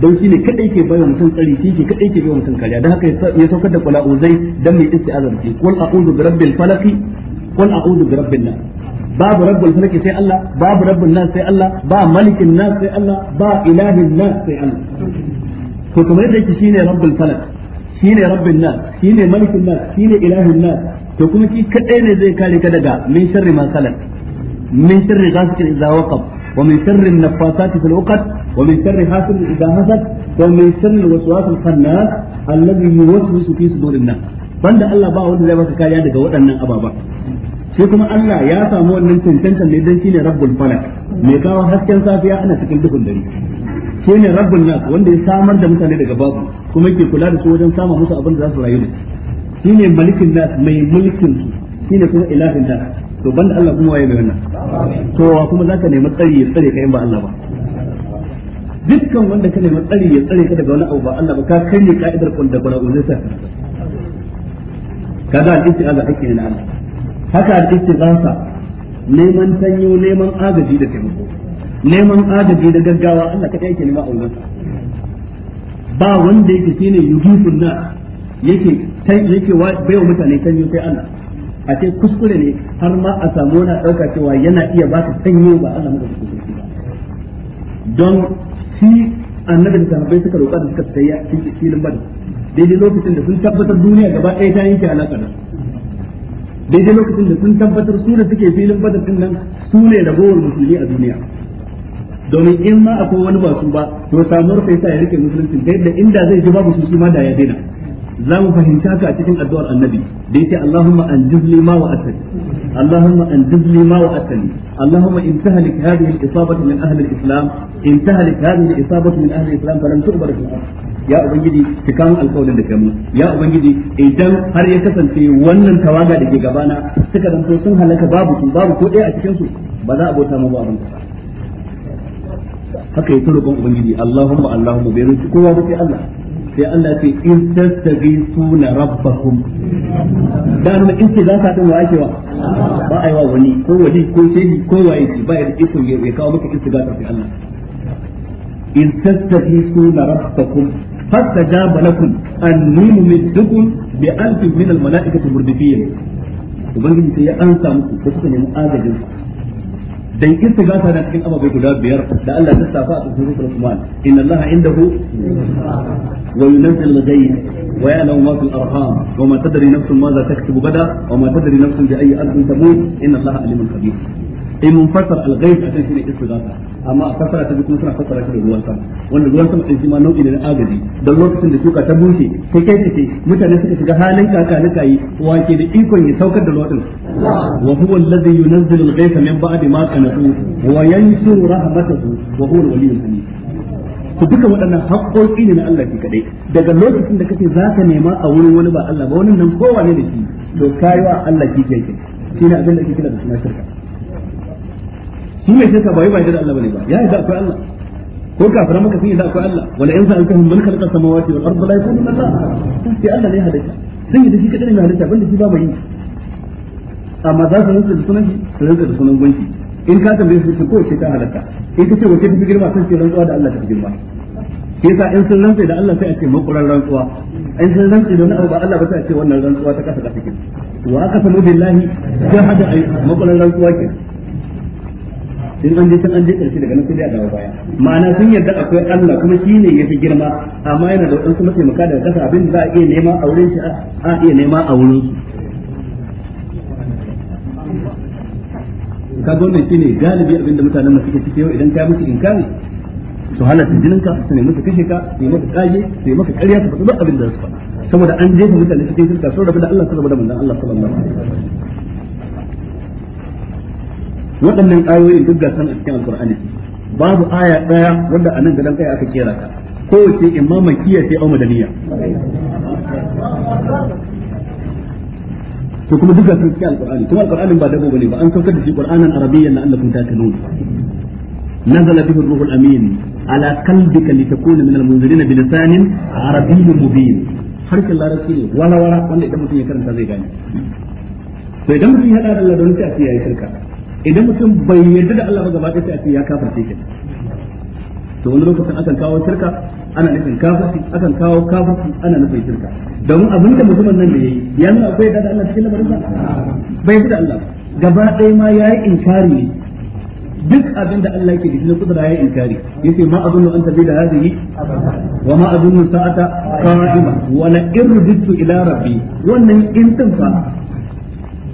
Speaker 1: don shi ne kaɗai ke baiwa mutum tsari shi ke kaɗai ke baiwa mutum kariya don haka ya saukar da kula'uzai don mai isti'azar ce kul a'udhu bi rabbil falaq kul a'udhu bi rabbin nas babu rabbul falaki sai Allah babu rabbun nas sai Allah ba malikin nas sai Allah ba ilahin nas sai Allah to kamar yadda yake shine rabbul falak shine rabbin nas shine malikin nas shine ilahin nas to kuma shi kadai ne zai kare ka daga min sharri ma salak min sharri ghasikin idza waqab ومن شر النفاثات في العقد ومن شر حاسد اذا حسد ومن شر الوسواس الخناس الذي يوسوس في صدور الناس banda Allah ba wanda zai baka kariya daga waɗannan ababa Sai kuma Allah ya samu wannan cancantan ne dan shine rabbul falak mai kawo hasken safiya ana cikin duhun dare shine rabbul nas wanda ya samar da mutane daga babu kuma yake kula da su wajen samun musu abin da za su rayu da shine malikin nas mai mulkin su shine kuma ilahin nas to banda Allah kuma waye mai wannan to wa kuma zaka nemi tsari ya tsare ka in ba Allah ba dukkan wanda ka nemi tsari ya tsare ka daga wani abu ba Allah ba ka kai ne ka'idar kun da bara uzai sa kaga al Allah ake ne na Allah haka al-istighatha neman tanyo neman agaji da taimako neman agaji da gaggawa Allah kadai yake nema a wurin ba wanda yake shine yujifun na yake yake baiwa mutane tanyo sai Allah a ce kuskure ne har ma a samu na dauka cewa yana iya baka tanyo ba Allah maka kuskure ba don shi annabi da sahabbai suka roƙa da suka tsaya cikin filin bada daidai lokacin da sun tabbatar duniya gaba ɗaya ta yanke alaƙa da su daidai lokacin da sun tabbatar su da suke filin badar din nan su ne ragowar musulmi a duniya domin in ma akwai wani ba su ba to samuwar sai sa ya rike musulunci da yadda inda zai ji babu su shi ma da ya daina za mu fahimta ka a cikin addu'ar annabi da yake Allahumma an li ma wa asali Allahumma an li ma wa asali Allahumma intahlik hadhihi al-isabatu min ahli al-islam intahlik hadhihi al-isabatu min ahli al-islam falam tu'bar fil ya ubangiji ki kawo alƙawarin da kai ya ubangiji idan har ya kasance wannan tawaga da ke gabana suka zanto sun halaka babu sun babu ko ɗaya a cikin su ba za a bauta mu ba haka yi turukun ubangiji Allahumma Allahumma bai rufe kowa ba sai Allah sai Allah ce in suna rabbakum da nan in ce za ka din wa ake wa ba ai wa wani ko wani ko shehi ko waye shi ba ya da iko ya kawo maka istighatha sai Allah in suna rabbakum فاستجاب لكم أني ممدكم بألف من الملائكة مردفين ubangiji sai ya an samu ku da suka dan istighatha na cikin ababai guda biyar da Allah ta safa a cikin suratul Qur'an inna Allah indahu wa yunzilu al-ghayb wa ya'lamu ma fil arham wa ma tadri nafsun ma za taktubu gada wa ma tadri nafsun bi ayyi ardin tamut inna Allah alimun khabir sai eh, mun fassara al-ghaib a kan shi istighatha amma a fassara ta kuma suna fassara shi da ruwan sama wanda ruwan sama din shi ma nau'i ne na agaji dan lokacin da shuka ta bushe sai kai take mutane suka shiga halin kaka na kai wake da ikon ya saukar da lodin wa huwa alladhi yunzilu al-ghaytha min ba'di ma kanatu wa yansuru rahmatahu wa huwa al-waliyyul hamid to duka waɗannan haƙƙoƙi ne na Allah ke kaɗai daga lokacin da kake za ka nema a wurin wani ba Allah ba wani nan kowane da shi to kayi Allah kike kai shi ne abin da ake kira da suna shirka shi mai shirka ba yi ba bai da Allah bane ba ya yi da akwai Allah ko kafira maka sun yi da akwai Allah wani wala in sa'altahum man khalaqa samawati wal arda la yakunu Allah sai Allah ne ya halitta sun yi da shi kadai mai halitta banda shi ba mai amma za su rinka da sunan shi su rinka da sunan gunki in ka tambaye su ko ce ta halatta in ce wace ta fi girma sun ce rantsuwa da Allah ta fi girma yasa in sun rantsa da Allah sai a ce makuran rantsuwa in sun rantsa da wani abu ba Allah ba sai a ce wannan rantsuwa ta kasa kasa kin wa aka samu billahi jahada ay makuran rantsuwa ke sun an je can an je karshe daga nan sai dai a dawo baya ma'ana sun yarda akwai Allah kuma shi ne yafi girma amma yana da wadansu mataimaka daga kasa abin da za a iya nema a wurin shi a iya nema a wurin shi ka gwamnati ne galibi abin da mutanen masu suke ciki yau idan ka musu inkari su halatta jinin ka su nemi su kashe ka su yi maka kaje su yi maka karya su faɗi duk abin da su faɗa saboda an jefa mutane cikin shirka sun rabu da Allah da Allah sallallahu alaihi wasallam waɗannan ayoyin duk gasan a cikin alkur'ani babu aya ɗaya wanda anan gadan kai aka kera ta kowace imama kiyar sai au madaniya to kuma duk gasan cikin alkur'ani kuma alkur'anin ba dabo bane ba an saukar da shi qur'anan arabiyyan na ta kanu nazala bihi ruhul amin ala على litakuna min almunzirina bi lisanin arabiyyin mubin harshen larabci ne wala wala wanda idan mutum ya karanta zai gane to idan mutum ya hada da ladon ta sai yayi shirka idan mutum bai yarda da Allah ba gaba ɗaya sai a ce ya kafirce shi to wani lokacin akan kawo shirka ana nufin kafirci akan kawo kafirci ana nufin shirka Don abin da mutumin nan da yayi ya nuna akwai yarda da Allah cikin lamarin ba bai yarda da Allah gaba ɗaya ma yayi inkari ne duk abin da Allah yake da shi na kudura yayi inkari yace ma nan an bi da hadhihi wa ma azunnu sa'ata qa'ima wa la irjitu ila rabbi wannan in tunfa fa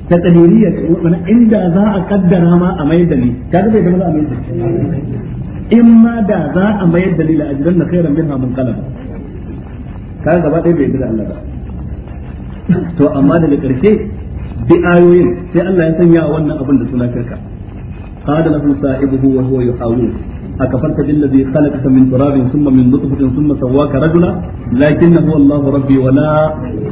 Speaker 1: ta tsaniriya ce wani inda za a kaddara ma a mayar da ni kaga bai da za a mayar da ni in ma da za a mayar da ni la ajidan na khairan minha mun qalab kaga gaba ɗaya bai da Allah ba to amma daga ƙarshe bi ayoyin sai Allah ya sanya wannan abin da suna shirka qala lahu sa'ibuhu wa huwa yuhawilu أكفرت بالذي خلقك من تراب ثم من نطفة ثم سواك رجلا لكن هو الله ربي ولا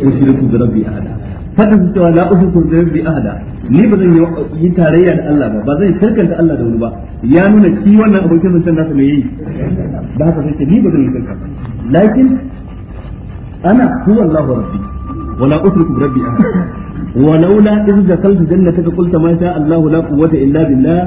Speaker 1: أشرك بربي أحدا fadin cewa la ushriku bi rabbi ahada ni ba zan yi tarayya da Allah ba ba zan shirkanta Allah da wani ba ya nuna ki wannan abokin zancen nasa mai yi ba haka sai ni ba zan yi shirka lakin ana huwa Allahu rabbi wala ushriku bi rabbi ahada ولولا إذ دخلت جنتك قلت ما شاء الله لا قوة إلا بالله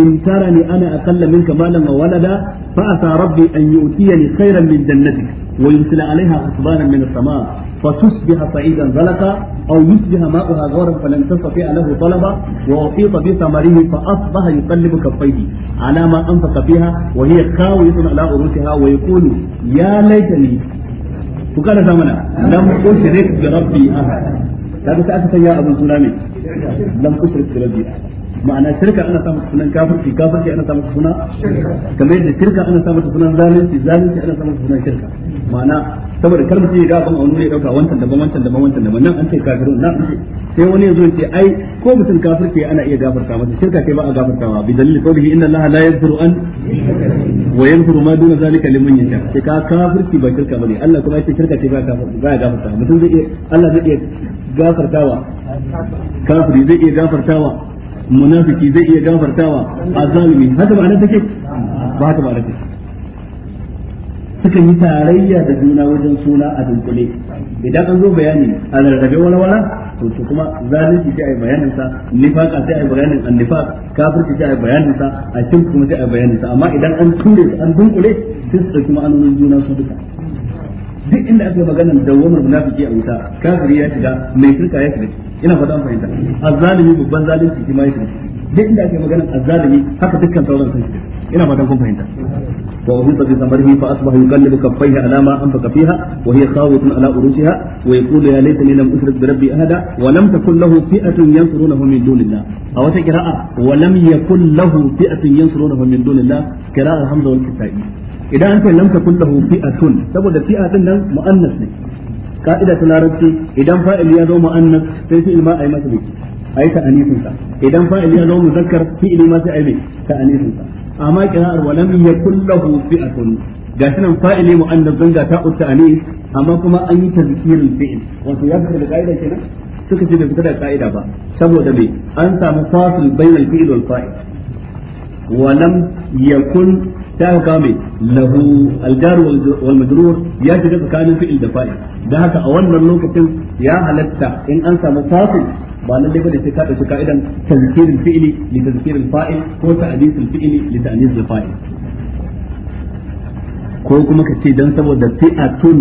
Speaker 1: إن ترني أنا أقل منك مالا وولدا فأتى ربي أن يؤتيني خيرا من جنتك ويرسل عليها حسبانا من السماء فتصبح صعيدا زلقا أو يصبح ماؤها غورا فلن تستطيع له طلبا وأحيط بثمره فأصبح يقلب كفيه على ما أنفق فيها وهي خاوية على عروشها ويقول يا ليتني فقال زمنا لم أشرك بربي أحدا kaga sai aka sanya abun suna ne lam usrik bi rabbi ma'ana shirka ana samu sunan kafirci kafirci ana samu suna kamar yadda shirka ana samu sunan zalunci zalunci ana samu sunan shirka ma'ana saboda kar mutum ya ga abin aunu ne dauka wancan daban wancan daban wancan daban nan an ce kafirun nan sai wani yazo ce ai ko mutum kafirci ana iya gafarta masa shirka kai ba a ma bi dalili ko bihi inna allaha la yaghfiru an wa yaghfiru ma duna zalika liman yasha sai ka kafirci ba shirka bane Allah kuma yake shirka ce ba kafirci ba ya gafarta mutum zai iya Allah zai iya gafartawa kafiri zai iya gafartawa munafiki zai iya gafartawa azalimi haka ma'ana take ba haka ma'ana take suka yi tarayya da juna wajen suna a dunkule idan an zo bayani a rarrabe wala wala to to kuma zalunci sai ai bayanin sa nifaqa sai ai bayanin annifaq kafirci sai ai bayanin sa a cikin kuma sai ai bayanin sa amma idan an ture su an dunkule sai su an nuna juna su duka duk inda aka yi maganar fi munafiki a wuta kafiri ya shiga mai shirka ya shiga ina fata an fahimta azzalimi babban zalunci shi ma ya shiga duk inda aka magana maganar azzalimi haka dukkan sauran sun shiga ina fata kun fahimta وغمط بثمره فأصبح يقلب كفيه على ما أنفق فيها وهي خاوية على عروشها ويقول يا ليتني لم أشرك بربي أحدا ولم تكن له فئة ينصرونه من دون الله أو قراءة ولم يكن له فئة ينصرونه من دون الله قراءة حمزة والكسائي إذا أنت لم تكن له فئة تبدأ فئة مؤنث ka'ida ta larabci idan fa'il ya zo mu'annas sai fi'il ma ai masa biki ai ta anisin sa idan fa'il ya zo muzakkar fi'il ma sai ai ta anisin sa amma kira'ar walam yakul lahu fi'atun gashi nan fa'ili mu'annab zanga ta amma kuma an yi tazkirul fi'il wato ya fita da kaida kenan suka ce bai fita da kaida ba saboda me an samu fasil bainal fi'il wal fa'il yakun ta aka kawo mai lahu aljar wal majrur ya shiga tsakanin fi'il da fa'il dan haka a wannan lokacin ya halatta in an samu fasil ba lalle bane sai ka dauki ka'idan tazkirin fi'ili li tazkirin fa'il ko ta'disul fi'ili li ta'disul fa'il ko kuma ka ce dan saboda fi'atun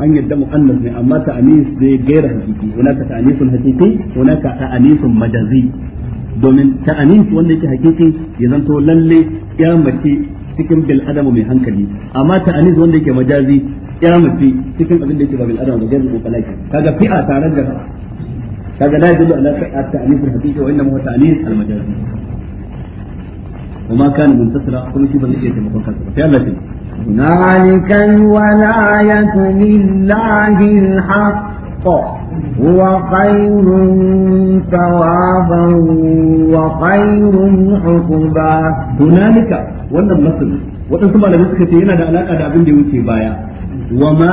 Speaker 1: an yadda mu'annas ne amma ta'anis zai gaira hakiki hunaka ta'anisun hakiki hunaka ta'anisun majazi domin ta'anis wanda yake hakiki ya zanto lalle ya mace cikin bil adamu mai hankali amma ta'anis wanda yake majazi ya mafi cikin abin da yake ba bil adamu majazi ko falaki kaga fi'a tare da kaga la yadullu ala ta'anis al hakiki, wa innama huwa anis al-majazi وما كان منتصرا كل شيء بل يجي تمكن كسر في الله هنالك
Speaker 2: الولاية لله الحق هو خير ثوابا
Speaker 1: وخير عقبا هنالك wannan masal waɗansu malamai suka ce yana da alaƙa da abin da ya wuce baya wa ma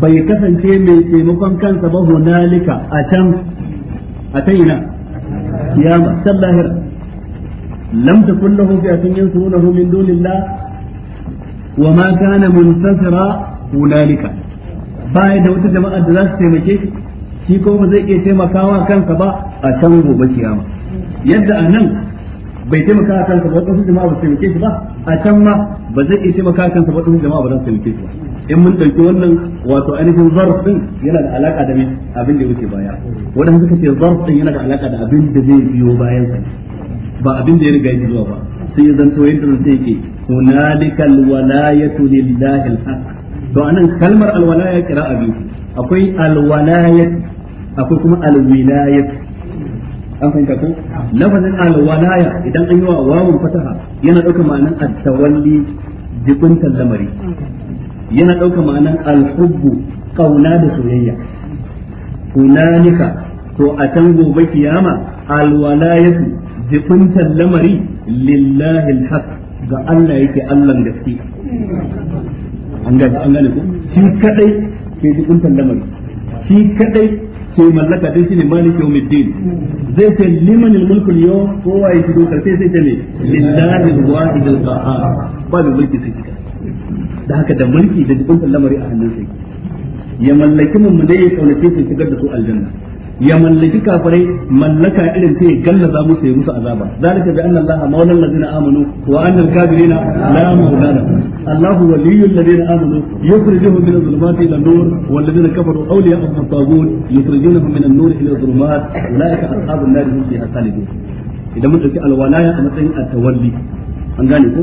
Speaker 1: bai kasance mai taimakon kansa ba hunalika a can a ta ina ya masal lahira lam takun lahu fi'atun yansurunahu min dunillah wa ma kana muntasira hunalika baya da wata jama'a da za su taimake shi shi ko ba zai iya taimakawa kansa ba a can gobe kiyama yadda a nan bai taimaka a kansa ba wasu jama'a ba su taimake shi ba a can ma ba zai iya taimaka a kansa ba wasu jama'a ba za su taimake shi ba in mun ɗauki wannan wato ainihin zarf din yana da alaka da abin da wuce baya wadanda suka ce zarf yana da alaka da abin da zai biyo bayan sa ba abin da ya riga ya zuwa ba sai ya zanto yadda zai yake hunalikal walayatu lillahi alhaq to anan kalmar alwalaya kira a biyu akwai alwalayat akwai kuma alwilayat an fahimta ko lafazin alwalaya idan an yi wa wawun fasaha yana ɗaukar ma'anan at-tawalli jibuntan lamari yana ɗaukar ma'anan al-hubbu kauna da soyayya hunanika to a can gobe kiyama alwalayatu jibuntan lamari lillahi al-haq ga Allah yake Allah gaske an gane an gane ko shi kadai ke dukkan lamari shi kadai ke mallaka dai shine maliki din zai ce liman al-mulku al-yawm kowa ya shigo karfe sai ce ne lillahi al-wahid al-qahhar ba da mulki sai kika da haka da mulki da dukkan lamari a hannun sai ya mallaki mun ne ya kaunace su shigar da su aljanna ya mallaki kafirai mallaka irin sai gallaza musu ya musu azaba zalika bi anna allaha mawla allazina amanu wa anna al-kafirina la mawla lahum allahu waliyyu allazina amanu yukhrijuhum min adh-dhulumati ila an-nur wal ladzina kafaru awliya'uhum at-taghut yukhrijunahum min an-nur ila adh-dhulumat ulaika ashabun nar hum fiha khalidun idan mun dauki alwalaya a matsayin at-tawalli an gane ko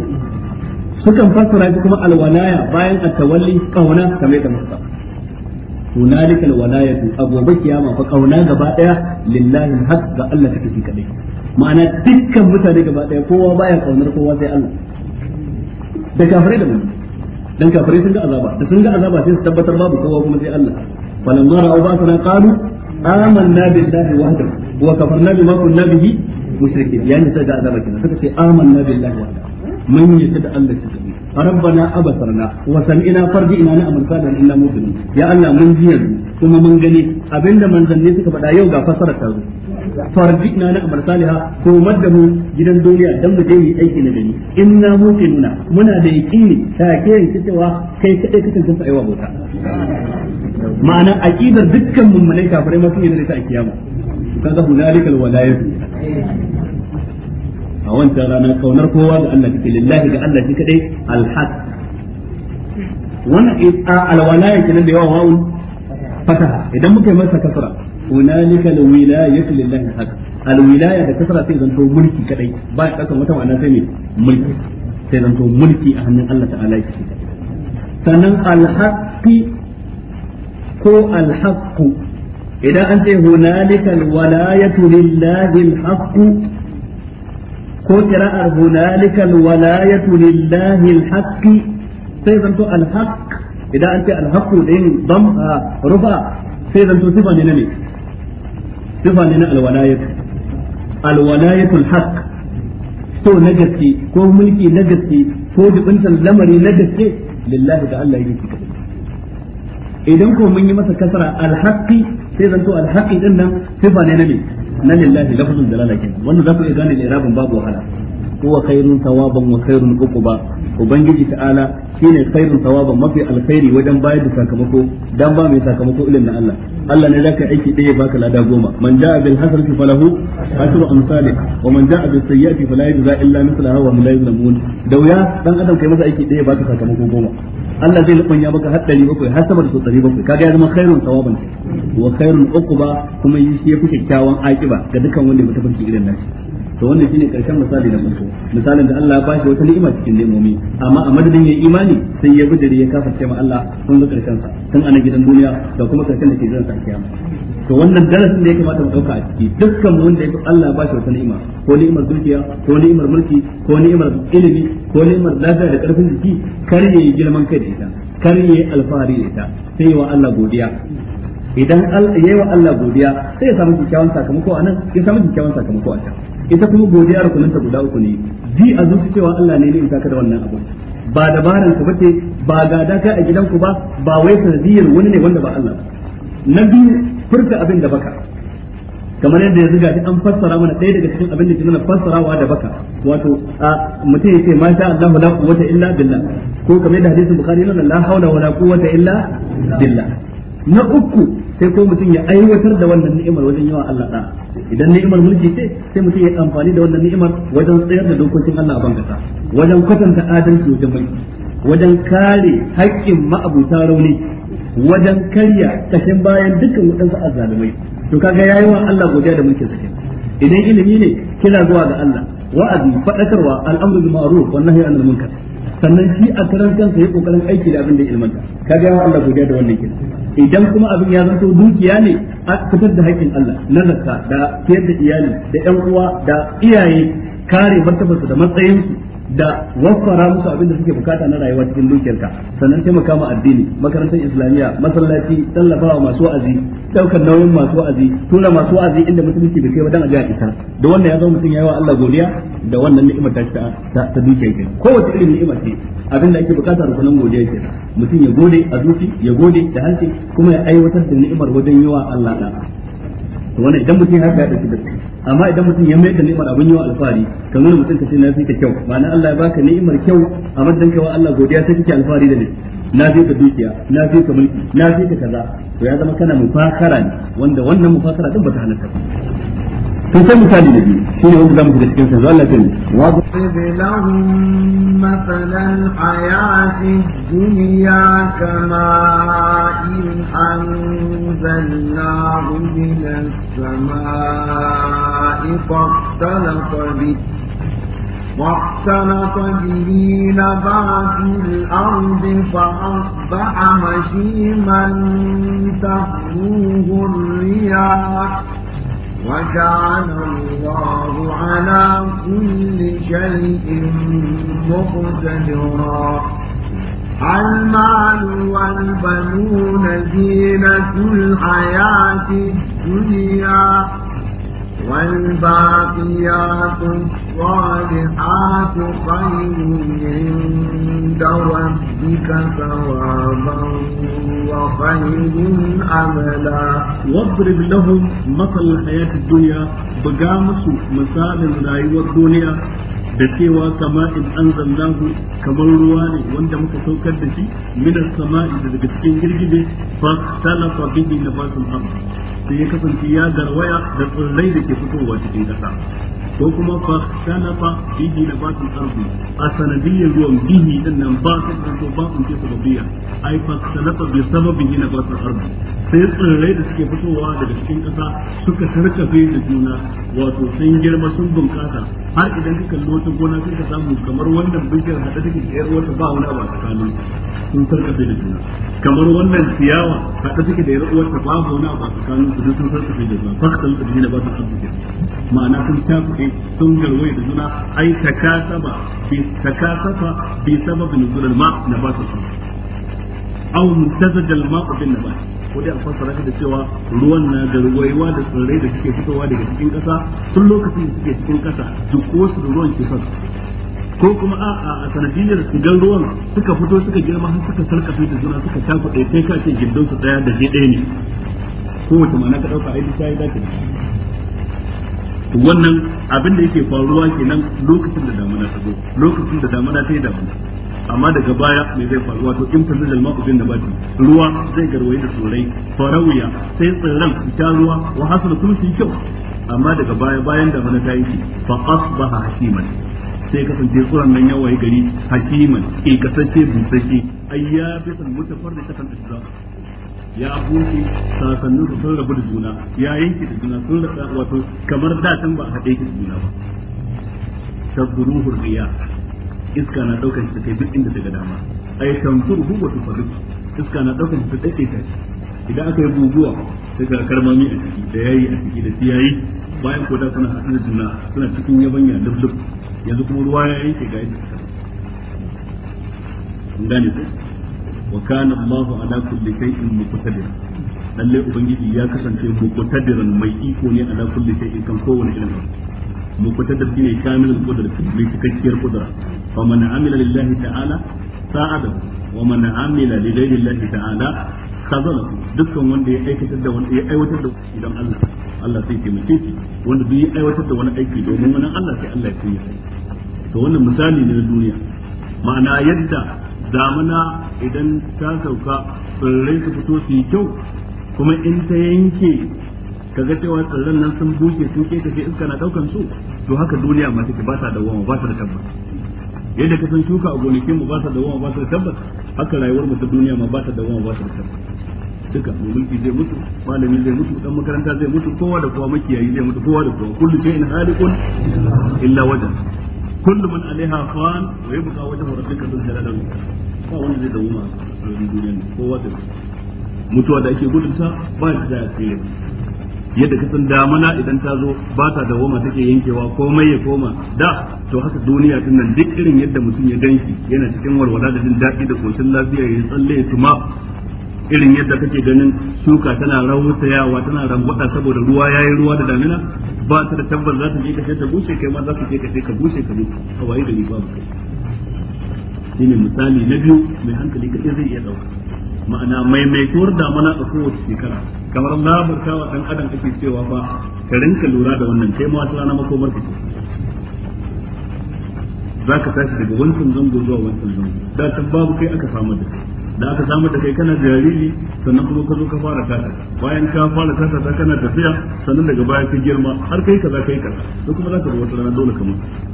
Speaker 1: sukan fassara kuma al-Wanaya alwalaya bayan at-tawalli kauna kamar da muka hunalikal walayatu a gobe kiyama fa kauna gaba daya lillahi haq ga Allah take shi kadai ma'ana dukkan mutane gaba daya kowa baya kaunar kowa sai Allah da kafirai da mu dan kafirai sun ga azaba da sun ga azaba sai su tabbatar babu kowa kuma sai Allah falamma ra'u آمنا بالله وحده وكفرنا بما كنا به مشركين يعني سجى عذابك سكت آمنا بالله وحده من يتدى الله سجى ربنا أبصرنا وسمعنا فرجئنا نعمل صالحا إلا مؤمنون يا الله من جيل kuma mun gani abinda manzanni suka faɗa yau ga fasarar ta zo farjina na amal saliha ko madda mu gidan duniya dan mu je ni aiki na gani inna muqinuna muna da yaqini ta ke yanki cewa kai kadai kake tunta aiwa bota ma'ana aqidar dukkan mummunai kafirai ma sun yi da ita a kiyama kaga hunalika alwalayatu a wancan ranar kaunar kowa ga Allah take lillahi ga Allah shi kadai alhaq wannan alwalaya kenan da yawa wawun fataha idan muka yi masa kasra hunalika alwilayatu lillahi haq alwilaya da kasra sai zanto mulki kadai ba ya kasan wata ma'ana sai ne mulki sai zanto mulki a hannun Allah ta'ala shi sannan alhaqi ko alhaqqu idan an ce hunalika alwalayatu lillahi alhaqqu ko kira'ar hunalika alwalayatu lillahi alhaqqi sai zanto alhaq idan an ce alhaqqu din dam rufa sai zanto sifa ne ne sifa ne na alwalayatu alwalayatu alhaq to na gaske ko mulki na gaske ko dubuntan lamari na gaske lillahi da Allah yake idan ko mun yi masa kasara alhaqqi sai zanto alhaqqi din nan sifa ne na ne na lillahi lafazul dalala kenan wanda za ku iya gane da irabin babu wahala huwa khairun thawaban wa khairun uquba ubangiji ta'ala Shi ne khairun thawaban mafi alkhairi wajen bayar da sakamako dan ba mai sakamako ilin na Allah Allah ne zaka aiki daya baka lada goma man jaa bil hasanati falahu ashru amsalih wa man jaa bis sayyiati fala yujza illa mithlaha wa la yuzlamun da wuya dan adam kai masa aiki daya baka sakamako goma Allah zai ya maka haddari bakwai har sama da 700 kaga ya zama khairun thawaban wa khairun uquba kuma yi shi yafi kyakkyawan akiba ga dukkan wanda ya tafi irin nashi to wannan shine karshen misali na farko misalin da Allah ya bashi wata ni'ima cikin nemomi amma a madadin ya imani sai ya bidiri ya kafa cewa Allah sun ga karshen sa tun ana gidan duniya da kuma karshen da ke zuwa sa kiyama to wannan darasin da ya kamata mu dauka a ciki dukkan wanda ya Allah ya bashi wata ni'ima ko ni'imar dukiya ko ni'imar mulki ko ni'imar ilimi ko ni'imar lafiya da karfin jiki kar ya yi girman kai da ita kar ya yi alfahari da ita sai wa Allah godiya idan ya yi wa Allah godiya sai ya samu kyakkyawan sakamako a nan ya samu kyakkyawan sakamako a can ita kuma godiya kunanta guda uku ne ji a zuci cewa Allah ne ne in saka da wannan abu ba dabaran ku bace ba gada kai a gidanku ba ba wai sanadiyar wani ne wanda ba Allah na biyu furta abin da baka kamar yadda yanzu gashi an fassara mana ɗaya daga cikin abin da kina fassara fassarawa da baka wato a mutum ya ce ma sha Allah la quwwata illa billah ko kamar yadda hadisin bukhari nuna la hawla wala quwwata illa billah na uku sai ko mutum ya aiwatar da wannan ni'imar wajen yawan Allah da idan ni'imar mulki ce sai mutum ya amfani da wannan ni'imar wajen tsayar da dokokin Allah a bangata. wajen kwatanta adalci wajen mai wajen kare haƙƙin ma'abuta rauni wajen karya kashin bayan dukkan waɗansu azzalumai to kaga yayi wa Allah godiya da mulkin sa idan ilimi ne kira zuwa ga Allah wa'azi fadakarwa al'amru bil ma'ruf wa nahyi anil munkar sannan shi a karan kansa ya kokarin aiki da abin da ilmanta kaga yawa Allah godiya da wannan kin idan kuma abin ya zanto dukiya ne a fitar da haƙin Allah na da fiyar da iyali da ƴan uwa da iyaye kare martabarsu da matsayinsu da wafara musu abin da suke bukata na rayuwa cikin dukiyarka sannan taimaka mu addini makarantar islamiyya masallaci tallafawa masu wa'azi daukar nauyin masu wa'azi tura masu wa'azi inda musulunci bai kai ba dan a isa da wannan ya zama mutum yayi wa Allah godiya da wannan ni'imar ta ta ta dukiyar ke kowace irin ni'ima ce abinda ake bukata rukunin godiya ke mutum ya gode a zuci ya gode da hanci kuma ya aiwatar da ni'imar wajen yi wa Allah da to wannan idan mutum haka ya dauki su amma idan mutum ya maida ni'imar abin yawa alfahari ka nuna mutum ka ce na fika kyau ma'ana Allah ya baka ni'imar kyau a madadin kawai wa Allah godiya sai kike alfahari da ni na fika dukiya na fika mulki na fika kaza to ya zama kana mufakara ne wanda wannan mufakara din hana halatta في كل مثال يجي في هو كلام في السكين في الزوال لكن واضح
Speaker 2: لهم مثل الحياة الدنيا كماء أنزلناه من السماء فاختلط به واختلط به نبات الأرض فأصبح هشيما تهوه الرياح وكان الله على كل شيء مقتدرا المال والبنون زينة الحياة الدنيا والباقيات الصالحات خير عند ربك ثوابا وخير
Speaker 1: أملا واضرب لهم مثل الحياة الدنيا بقامس مثال رايوة الدنيا da cewa sama'in an zallahu kamar ruwa ne wanda muka saukar da shi sama'in sama'i daga cikin girgije fa talafa bihi nafasul ardh sai ya kasance ya garwaya da tsirrai da ke fitowa cikin kasa ko kuma fa sanafa bihi na batul ardi a sanadiyyar ruwan bihi din nan ba ta ko ba kun ce sababiyya ai fa sanafa bi sababihi na batul ardi sai tsirrai da suke fitowa daga cikin ƙasa suka sarkafe da juna wato sun girma sun bunƙasa, har idan ka kalli wata gona suka samu kamar wannan bishiyar haɗe take da yar wata ba wani abu a tsakanin sun sarkafe da juna kamar wannan ciyawa haɗe take da yar wata ba wani abu a tsakanin su sun sarkafe da juna fa kalli da jina ba su arziki ma'ana sun tafi sun garwaye da juna ai takasaba bi takasafa bi sababin zulma na ba ta su أو ممتزج الماء بالنبات ko dai a fassara shi da cewa ruwan na da ruwaiwa da tsirrai da suke fitowa daga cikin ƙasa sun lokacin da suke cikin ƙasa duk su da ruwan son ko kuma a a sanadiyar shigan ruwan suka fito suka girma har suka sarkafe da juna suka tafi ɗaya sai ka ce gindin su ɗaya da je ɗaya ne wata ma'ana ka ɗauka aiki ta yi dace wannan abin da yake faruwa kenan lokacin da damuna ta zo lokacin da damuna ta yi damuna amma daga baya me zai faru wato in tazil al ma'u bin nabati ruwa zai garwaye da tsorai farawiya sai tsirran ta ruwa wa sun sulhi kyau amma daga baya bayan da mana ta yi fa asbaha Hakiman. sai kasance tsuran nan ya waye gari hakiman ke kasance busasshe ayya bisan mutafarrita kan islam ya huce sasannin su sun rabu da juna ya yanke da juna sun rasa wato kamar da ba a haɗe ki da juna ba tabduruhu riya iska na ɗaukar shi ta kai duk inda daga dama ai tamtur hu wa tufarrik iska na ɗaukar shi ta dake ta idan aka yi guguwa ta karkar mami a ciki da yayi a ciki da tiyayi bayan ko da suna haɗu juna suna cikin yabanya lublub yanzu kuma ruwa ya yi ke gaya kun gane ta wa kana Allahu ala kulli shay'in muqtadir lalle ubangiji ya kasance muqtadiran mai iko ne ala kulli shay'in kan kowane irin abu mu fitar da shine kamilul qudrat mai cikakkiyar kudura fa man amila lillahi ta'ala sa'ada wa man amila li ghayri lillahi ta'ala khazala dukkan wanda ya aikatar da wanda ya aiwatar da idan Allah Allah sai ya mace shi wanda duk ya aiwatar da wani aiki domin wannan Allah sai Allah ya kunya to wannan misali ne na duniya ma'ana yadda damana idan ta sauka tsirrai su fito su yi kyau kuma in ta yanke kaga cewa tsirran nan sun bushe sun ke tafi iska na daukan su to haka duniya ma take ba ta wawa ba ta da tabbas yadda ka san shuka a gonakin mu ba ta wawa ba ta da tabbas haka rayuwar mu ta duniya ma ba ta wawa ba ta da tabbas duka mulki zai mutu malami zai mutu dan makaranta zai mutu kowa da kowa makiyayi zai mutu kowa da kowa kullu shay'in haliqun illa wajh kullu man alaiha khan wa yabqa wajhu rabbika dhul jalali ba wanda zai ma a duniyar kowa da mutuwa da ake gudunta ba ta da tsire yadda kasan damana idan ta zo ba ta da goma take yankewa komai ya koma da to haka duniya din nan duk irin yadda mutum ya danki yana cikin walwala da jin daɗi da koshin lafiya ya tsalle ya tuma irin yadda kake ganin shuka tana rawutayawa tana rangwada saboda ruwa yayi ruwa da damina ba ta da tabbas za ta je ka ta bushe kai ma za ka je ka ka bushe ka mutu a waye riba babu kai shine misali na biyu mai hankali ka zai iya dauka ma'ana maimaituwar damana a kowace shekara kamar wa dan adam ake cewa ba ka rinka lura da wannan kai ma wata rana makomar ka za ka tashi daga wancan zango zuwa wancan zango da ta babu kai aka samu da da aka samu da kai kana jariri sannan kuma ka zo ka fara tata bayan ka fara tata ta kana tafiya sannan daga baya ka girma har kai kaza kai kaza to kuma za ka zo wata rana dole ka mutu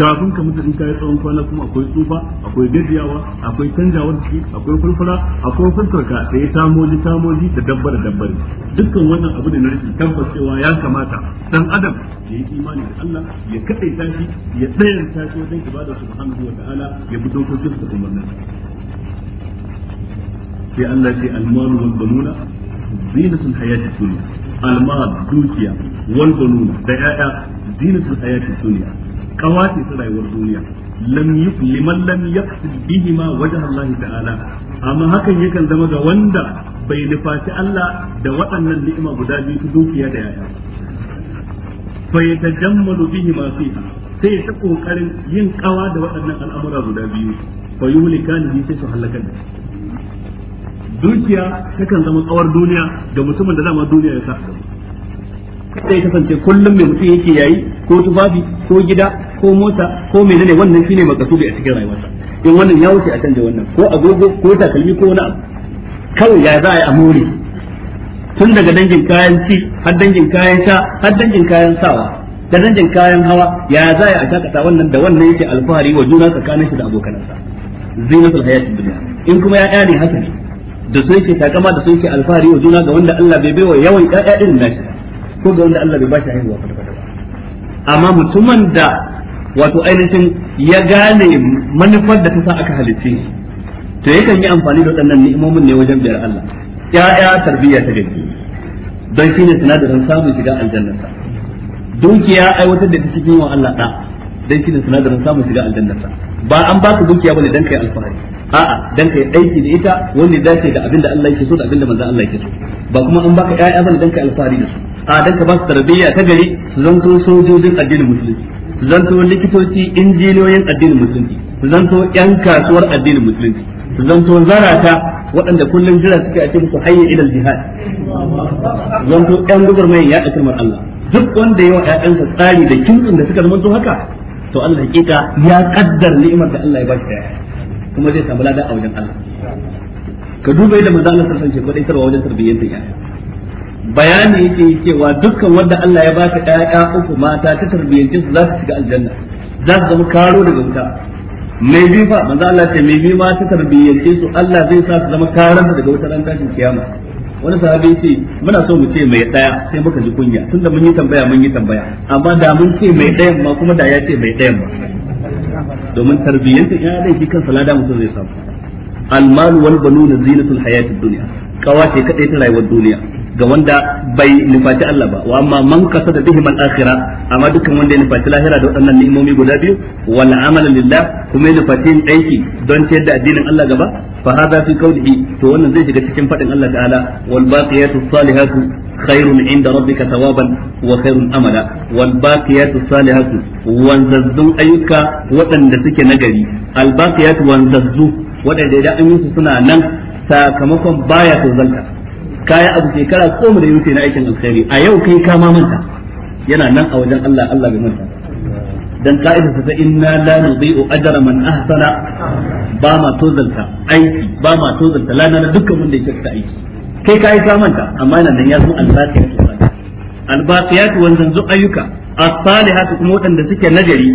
Speaker 1: kafin ka mutu in ka yi tsawon kwana kuma akwai tsufa akwai gajiyawa akwai canjawar ciki akwai fulfula akwai fulfurka da ya tamoji tamoji da dabbar dabbar dukkan wannan abu da na rashin tabbas cewa ya kamata dan adam ya yi imani da Allah ya kadaita shi ya tsayanta shi wajen ibada subhanahu wa ta'ala ya bi dokokin da umarnin sai Allah ce almaru wal banuna zinatul hayatid dunya almar dukiya wal banuna da ya'ya zinatul hayatid dunya kawace ta rayuwar duniya lam liman lam yaqsid bihima wajha Allah ta'ala amma hakan yakan zama ga wanda bai nufaci Allah da waɗannan ni'ima guda biyu su dukiya da yaya fa yatajammalu bihima fiha sai ta kokarin yin kawa da waɗannan al'amura guda biyu fa yuhlikani sai su halakar da dukiya takan zama kawar duniya ga mutumin da zama duniya ya sa sai kasance kullum mai mutum yake yayi ko tufafi ko gida ko mota ko menene wannan shine makasudi a cikin rayuwarsa in wannan ya wuce a canja wannan ko agogo ko takalmi ko wani abu kawai ya za a yi a more tun daga dangin kayan ci har dangin kayan sha har dangin kayan sawa da dangin kayan hawa ya za a yi a shakata wannan da wannan yake alfahari wa juna tsakanin shi da abokanansa zinatul hayatid dunya in kuma ya ne haka ne da su yake takama da su yake alfahari wa juna ga wanda Allah bai baiwa yawan ƴaƴa irin nashi ko ga wanda Allah bai ba shi haihuwa kwata kwata amma mutumin da wato ainihin ya gane manufar da ta sa aka halitta to yakan yi amfani da waɗannan ni'imomin ne wajen biyar Allah ya'ya tarbiyya ta gaske don shi ne sinadarin samun shiga aljannarsa dukiya aiwatar da ta cikin wa Allah ɗa don shi ne sinadarin samun shiga aljannarsa ba an ba ka dukiya bane dan kai alfahari a'a dan kai aiki da ita wanda ya dace da abinda Allah yake so da abinda manzon Allah yake so ba kuma an baka ƴaƴa bane dan kai alfahari da su a dan ka ba su tarbiyya ta gari su zanto sojojin addinin musulunci su zanto likitoci injiniyoyin addinin musulunci su zanto yan kasuwar addinin musulunci su zanto zarata waɗanda kullum jira suke a ce musu hayya ilal jihad zanto yan gugurmayin ya kalmar Allah duk wanda yawa ƴaƴansa tsari da kintsin da suka zamanto haka to Allah hakika ya kaddar ni'imar da Allah ya ba shi da kuma zai samu lada a wajen Allah ka duba yadda manzo Allah sallallahu alaihi wasallam ke kwadaitarwa wajen tarbiyyar da yaya bayani yake cewa dukkan wanda Allah ya baka ƴaƴa uku mata ta tarbiyyance su za su shiga aljanna za su zama karo daga wuta mai bi fa manzo Allah ce mai bi ma ta tarbiyyance su Allah zai sa su zama karo daga wutar ran tashin kiyama wani sahabi ce muna so mu ce mai daya sai muka ji kunya tunda mun yi tambaya mun yi tambaya amma da mun ce mai dayan ma kuma da ya ce mai dayan ba domin tarbiyyance ya dai shi kansa lada mutum zai samu almal wal banuna zinatul hayatid dunya kawace kadai ta rayuwar duniya ga wanda bai nufaci Allah ba wa amma man kasada bihim al akhira amma dukkan wanda ya nufaci lahira da waɗannan ni'imomi guda biyu wal amal lillah kuma ya nufaci aiki don tayar da addinin Allah gaba fa hada fi qawlihi to wannan zai shiga cikin fadin Allah ta'ala wal baqiyatu salihatu khairun inda rabbika thawaban wa khairun amala wal baqiyatu salihatu wanzazzun ayyuka waɗanda suke nagari al baqiyatu wanzazzu waɗanda idan an yi su suna nan sakamakon baya tozalta kaya abu shekara goma da ya wuce na aikin alkhairi a yau kai ka ma manta yana nan a wajen Allah Allah bai manta dan ka'ida ta inna la nudhi'u ajra man ahsana ba ma tozalta aiki ba ma tozalta lana na dukkan wanda ya kyauta aiki kai ka yi manta amma yana nan ya zo albaqiyatu albaqiyatu wanzan zu ayyuka as-salihatu kuma wadanda suke nagari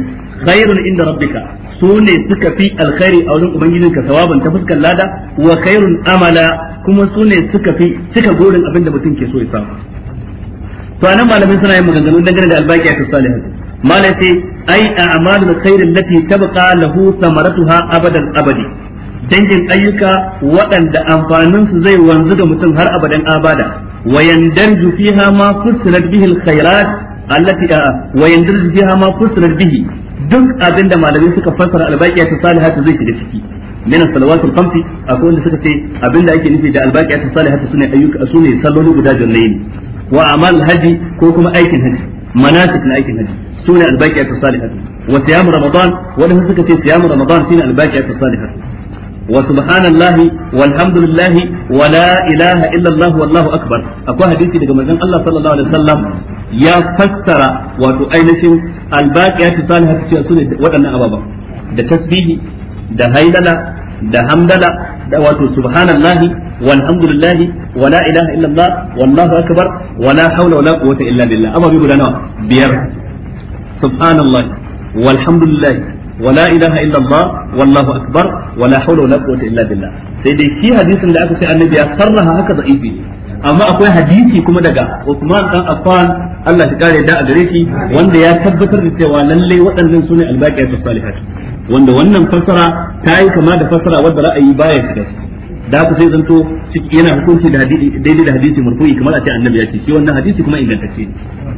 Speaker 1: khairun inda rabbika su ne suka fi alkhairi a wurin ubangijinka sawaban ta fuskar lada wa khairun amala kuma su ne suka fi cika gurin abin da mutum ke so ya samu to anan malamin suna yin maganganu dangane da albaki ta salihin malai sai ai a'malul khairin lati tabqa lahu samaratuha abadan abadi dangin ayyuka waɗanda amfanin su zai wanzu ga mutum har abadan abada ويندرج فيها ما فسرت به الخيرات التي ويندرج فيها ما فسرت به duk abin da malamai suka fassara albaqiya ta salihatu zai shiga ciki min salawatul khamsi akwai wanda suka ce abin da ake nufi da albaqiya ta salihatu sune ayyuka sune salloli guda jannayin wa amal haji ko kuma aikin haji manasik na aikin haji sune albaqiya ta salihatu wa siyam ramadan wanda suka ce siyam ramadan sune albaqiya ta salihatu وسبحان الله والحمد لله ولا اله الا الله والله اكبر اكو حديثي daga manzon Allah sallallahu alaihi wasallam ya fassara wato ainihin albaqiyatu salihatu cewa sune waɗannan ababan da tasbihi da haidala da hamdala da wato subhanallahi walhamdulillahi wala ilaha illallah wallahu akbar hawla quwwata illa billah ababi guda nawa biyar subhanallahi walhamdulillahi amma akwai hadisi kuma daga Usman dan Affan Allah ya kare da a gare shi wanda ya tabbatar da cewa lalle waɗannan sune albaqiyatu salihat wanda wannan fasara ta yi kama da fasara wadda ra'ayi baya shiga da ku sai zanto yana hukunci da hadisi daidai da hadisi marfu'i kamar a ce annabi ya ce shi wannan hadisi kuma ingantacce ne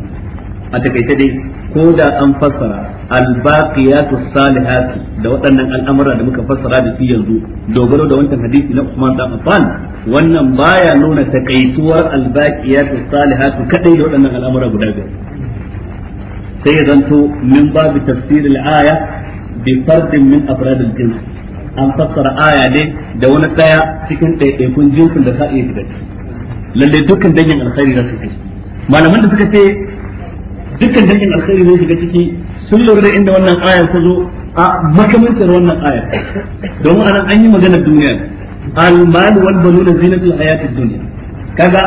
Speaker 1: a takaice dai ko da an fassara albaqiyatu salihatu da waɗannan al'amura da muka fassara da su yanzu dogaro da wancan hadisi na Usman bin Affan wannan baya nuna takaituwar albaqiyatu salihatu kadai da waɗannan al'amura guda biyar sai ya zanto min babu tafsir aya bi fardin min afrad jins an fassara aya ne da wani daya cikin ɗaiɗaikun jinsin da ka iya lalle dukkan dangin alkhairi na su malaman da suka ce dukkan dangin alkhairi zai shiga ciki sun lura da inda wannan aya ta zo a makamantar wannan aya domin anan an yi maganar duniya al-mal wal banuna zinatul hayatid dunya kaga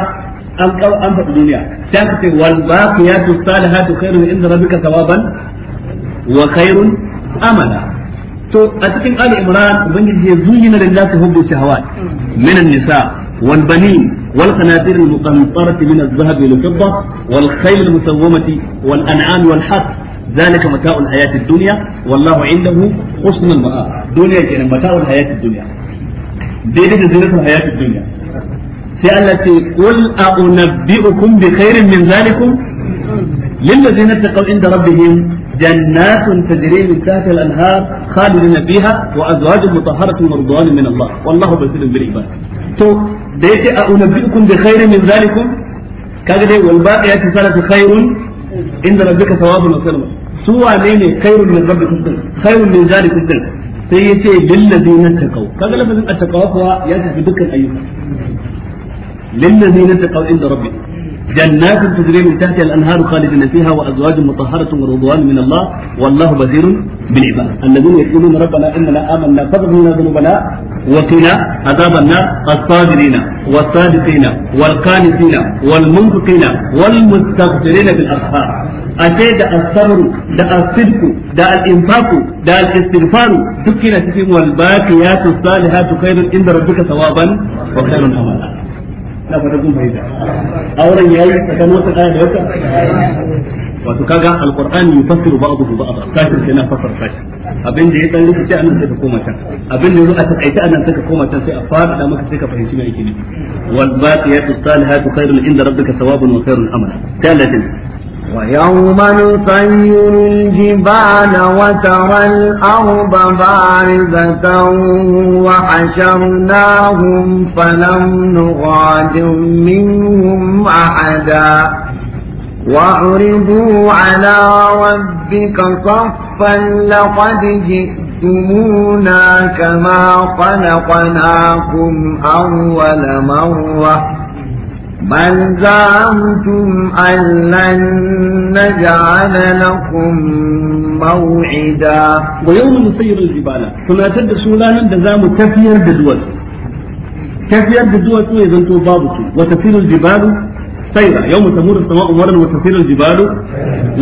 Speaker 1: an kawo an faɗi duniya ta ce wal baqiyatu salihatu khairun inda rabbika thawaban wa khairun amala to a cikin ali imran ubangiji ya zuyina da nasu hubbu shahawat minan nisa wal banin والخنازير المقنطرة من الذهب والفضة والخيل المسومة والأنعام والحق ذلك متاع الحياة الدنيا والله عنده حسن المآب دنيا كان متاع الحياة الدنيا دي دي زينة الحياة الدنيا سألت قل أنبئكم بخير من ذلكم للذين اتقوا عند ربهم جنات تجري من تحت الأنهار خالدين فيها وأزواج مطهرة ورضوان من الله والله بصير بالعباد to da yake a unabbiukum bi khairin min zalikum kaga dai wal baqiyatu salatu khairun inda rabbika thawabun wa su wane ne khairun min rabbikum khairun min zalikum din sai yace lil ladina taqaw kaga lafazin at-taqwa ya tafi dukkan ayyuka lil ladina taqaw inda جنات تجري من تحتها الانهار خالدين فيها وازواج مطهره ورضوان من الله والله بصير بالعباد الذين يقولون ربنا اننا امنا فاغفر لنا ذنوبنا وقنا عذاب النار الصابرين والصادقين والقانتين والمنفقين والمستغفرين بالاسحار ashe da asabaru da asirku da al'infaku da al'istighfaru duk yana cikin wal baqiyatu salihatu khairun inda rabbika thawaban wa khairun amala na fata kun auren yayi tsakanin wata kaya da wata wato kaga alqur'ani yufassiru ba'dahu ba'dha kashin sai na fassara abin da ya dan rike sai sai ka koma can abin da ta kaita sai ka koma can sai a fada maka sai ka fahimci me yake nufi wal baqiyatu salihatu khairun inda rabbika thawabun wa khairun amala talatin ويوم نسير الجبال وترى الأرض بارزة
Speaker 2: وحشرناهم فلم نغادر منهم أحدا وعرضوا على ربك صفا لقد جئتمونا كما خلقناكم أول مرة بل زعمتم أن لن نجعل
Speaker 1: لكم موعدا ويوم نسير الجبال كنا تد سولانا دزام تفير بدوات تفير بدوات وإذن بابك وتسير الجبال سيرا يوم تمور السماء مرا وتسير الجبال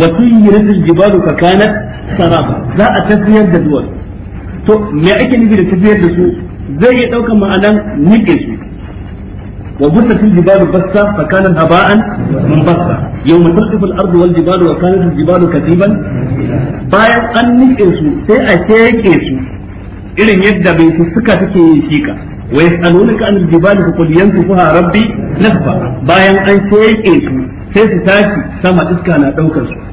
Speaker 1: وسيرت الجبال فكانت سرابا لا تفير بدوات to me ake nufi da tafiyar da su zai iya ɗaukar ma'anan nike su وبثت الجبال بثا فكانت هباء منبثا يوم تلقف الارض والجبال وكانت الجبال كثيبا bayan an nike su sai a keke su irin yadda bai su suka take yin shika wa yasalunaka anil jibali fa qul yansifuha rabbi nasfa bayan an keke su sai su tashi sama iska na daukar su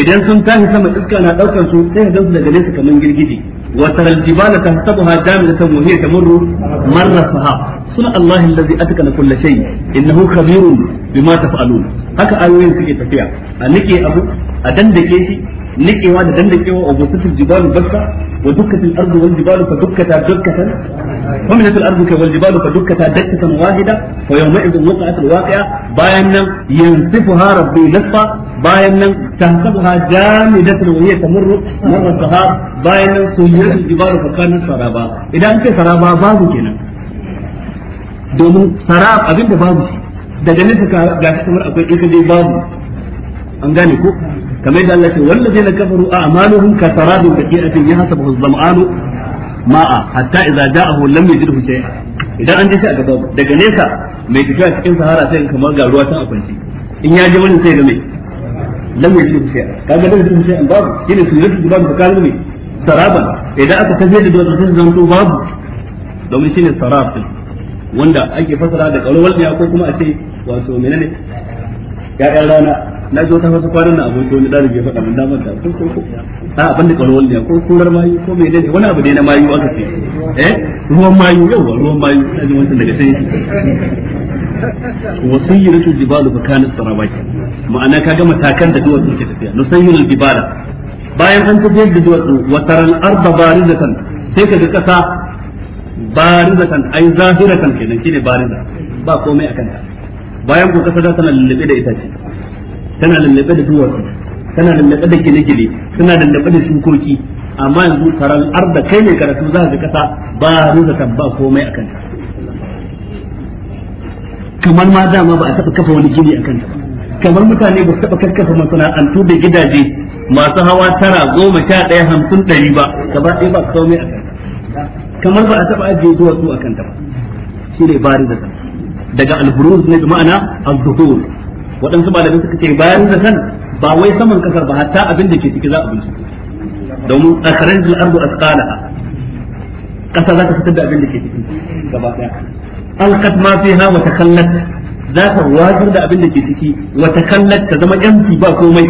Speaker 1: idan sun tashi sama iska na daukan su sai ga su daga nesa kaman girgije wa taral jibala tahsabuha jamidatan wa hiya tamurru marra sahab sun Allah allazi atkana kulli shay innahu khabirun bima taf'alun haka ayoyin suke tafiya a nike abu a dandake shi nikewa da dandakewa a bokatul jibalu bakka wa dukkatul ardu wal jibalu fa dukkata dukkatan wa min al ardu wal jibalu fa dukkata dakkatan wahida fa yawma idhin waqa'at al waqi'a bayan nan yansifuha rabbi nasfa bayan nan tahsabuha da wa ta murru marra sahab bayan nan suyyul jibaru fakanan saraba idan ce saraba babu kenan domin sarab abin da babu daga nesa ka ga kamar akwai in kaje babu an gane ko kamar da Allah ya ce wallazina kafaru a'maluhum kasarabin baqi'atin ya hasabu zamanu ma'a hatta idza ja'ahu lam yajidhu shay'a idan an ji shi a gaba daga nesa mai tafiya cikin sahara sai kamar ga ruwa ta akwanci in ya ji wani sai ga mai lam kaga da yajid shay'an babu shine yadda babu idan aka tafi da dole sai zan babu domin shine wanda ake fasara da kalwal ne ko kuma a ce wato menene ya'yan rana na ji wata wasu kwanan na abokin wani ɗalibi ya faɗa min damar da ko ko ko a abin da kalwal ne ko kurar mayu ko mai dai wani abu ne na mayu aka ce eh ruwan mayu yau ruwan mayu na ji wancan daga sai wa sayyiratu jibalu fa kanat sarawaki ma'ana kaga matakan da duwatsu ke tafiya nusayyiru jibala bayan an tafiyar da duwatsu wa taral arda barizatan sai ka kaga kasa barizatan ai zahiratan kenan shine bariza ba komai akan ta bayan ko kasa tana lullube da itace tana lullube da duwatsu tana lullube da gine-gine tana lullube da shukoki amma yanzu taral arda kai ne karatu za ka ga kasa barizatan ba komai akan ta kamar ma dama ba a taɓa kafa wani gini a kanta kamar mutane ba su taɓa kakkafa masana'antu da gidaje masu hawa tara goma sha ɗaya hamsin ɗari ba gaba ɗaya ba su komai a kanta kamar ba a taɓa ajiye duwatsu a kanta ba shi ne bari da daga alburuz ne ma'ana ma'ana al-zuhur waɗansu bin suka ce bayan da san ba wai saman kasar ba hatta abin da ke ciki za a bincike
Speaker 3: domin akhrajul
Speaker 1: ardu asqalaha kasa za ta fitar da abin da ke ciki gaba ɗaya alqat ma ha wata takallat za ta wajar da abin da ke ciki wa takallat ta zama yanci ba komai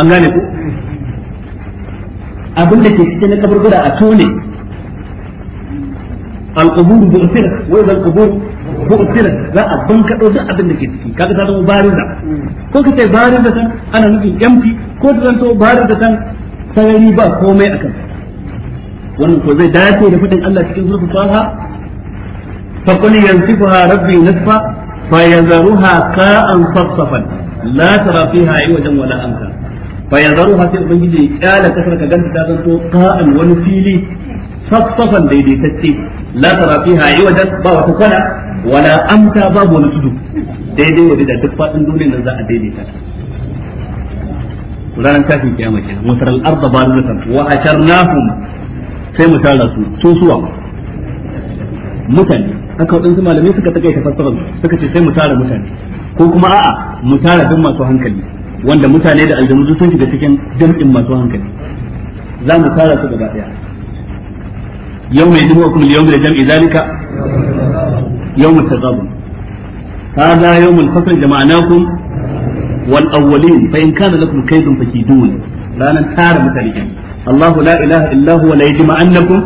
Speaker 1: an gane ku abin da ke cikin kaburbura a tone alqubur bu'sir wa idha alqubur bu'sir za a bankado duk abin da ke ciki kaga ta zama bariza ko ka ce bariza san ana nufin yanci ko ta zanto bariza san sarari ba komai akan wannan ko zai dace da fadin Allah cikin zurfafa فقل ينسفها ربي نسفا فيذرها قاء صفصفا لا ترى فيها عوجا ولا أمتا فيذرها في ubangiji kyala kasar ka ganta ta zanto qa'an wani fili saffafan daidaitacce la tara fiha iwajan ba wata kwana wala amta babu wani tudu daidai wa da duk fadin duniyar nan za a daidaita ranar kafin kiyama ke mu suwa mutane haka waɗansu malamai suka takaita fassarar suka ce sai mu tara mutane ko kuma a'a mu tara duk masu hankali wanda mutane da aljanu sun shiga cikin jam'in masu hankali za mu tara su gaba daya yawma yajmu'ukum al-yawma li jam'i dhalika yawm at-taghabun hadha yawm al-fasl jama'nakum wal awwalin fa in kana lakum kaydun fakidun ranan tara mutane Allahu la ilaha illa huwa la yajma'annakum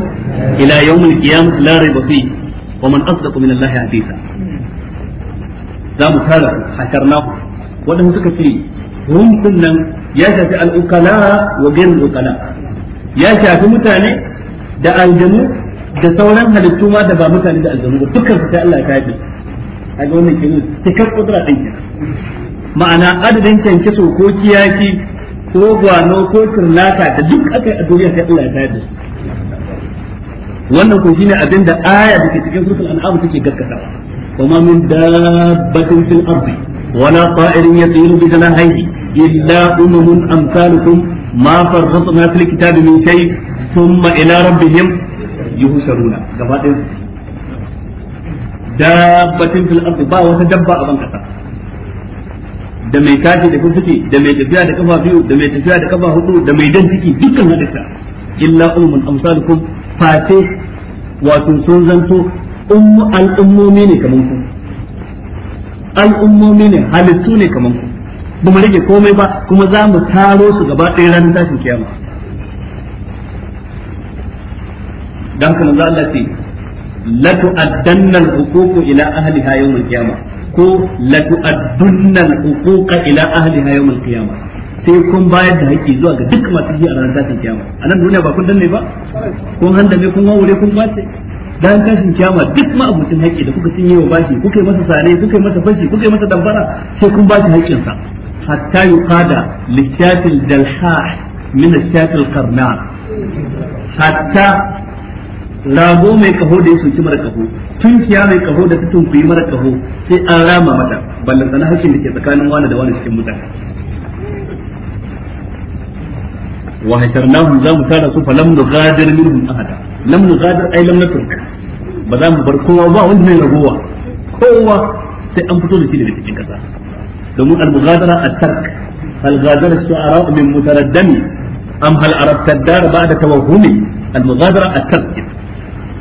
Speaker 1: ila yawm al-qiyamah la rayba fihi wa man asdaqu min Allah hadisa za mu tara hasharnahu wadanda suka ce hum nan ya ya shafi mutane da aljanu da sauran halittu ma da ba mutane da aljanu ba dukkan su Allah ya kafi a ga wannan kenan tikar kudura din ma'ana adadin kyankiso ko kiyaki ko gwano ko kirnata da duk aka yi a duniya Allah ya tayar da su wannan ko shine abin da aya da ke cikin suratul an'am take wa ma min dabbatin fil ardi wala ta'irin yatiru bi janahihi illa ummun amsalukum ma farratna fil kitabi min shay thumma ila rabbihim yuhsaruna gaba dabbatin fil ardi ba wata dabba a ban kasa da mai tashi da kusurci da mai tafiya da kafa biyu da mai tafiya da kafa hudu da mai dan ciki dukkan hadisa illa ummun amsalukum face wato sun zanto al'ummomi ne kaman ku al'ummomi ne halittu ne kaman ku ba mu rage komai ba kuma za mu taro su gaba ɗaya ranar tashin kiyama dan kuma za Allah ce latu tu'addanna al ila ahli hayo al-qiyamah ko latu tu'addanna al ila ahli hayo al-qiyamah sai kun bayar da haƙƙi zuwa ga duk masu ji a ranar tashin kiyama a nan duniya ba kun danne ba kun handame kun wawure kun kwace dan tashin kiyama duk ma abucin haƙƙi da kuka cinye wa bashi kuka yi masa sare kuka yi masa fashi kuka yi masa dambara sai kun bashi haƙƙinsa hatta kada littafin dalhah min littafin qarna hatta rago mai kaho da ya soki mara kaho tunkiya mai kaho da ta tunkuyi mara kaho sai an rama mata ballantana haƙƙin da ke tsakanin wani da wani cikin mutane wa hasharnahum za mu tara su falam nughadir minhum ahada lam nughadir ay lam natruk ba za mu bar kowa ba wanda mai ragowa kowa sai an fito da shi daga cikin kasa domin al-mughadara at-tark al-ghadara shu'ara min mutaraddami am hal arabta ad-dar ba'da tawahhumi al-mughadara at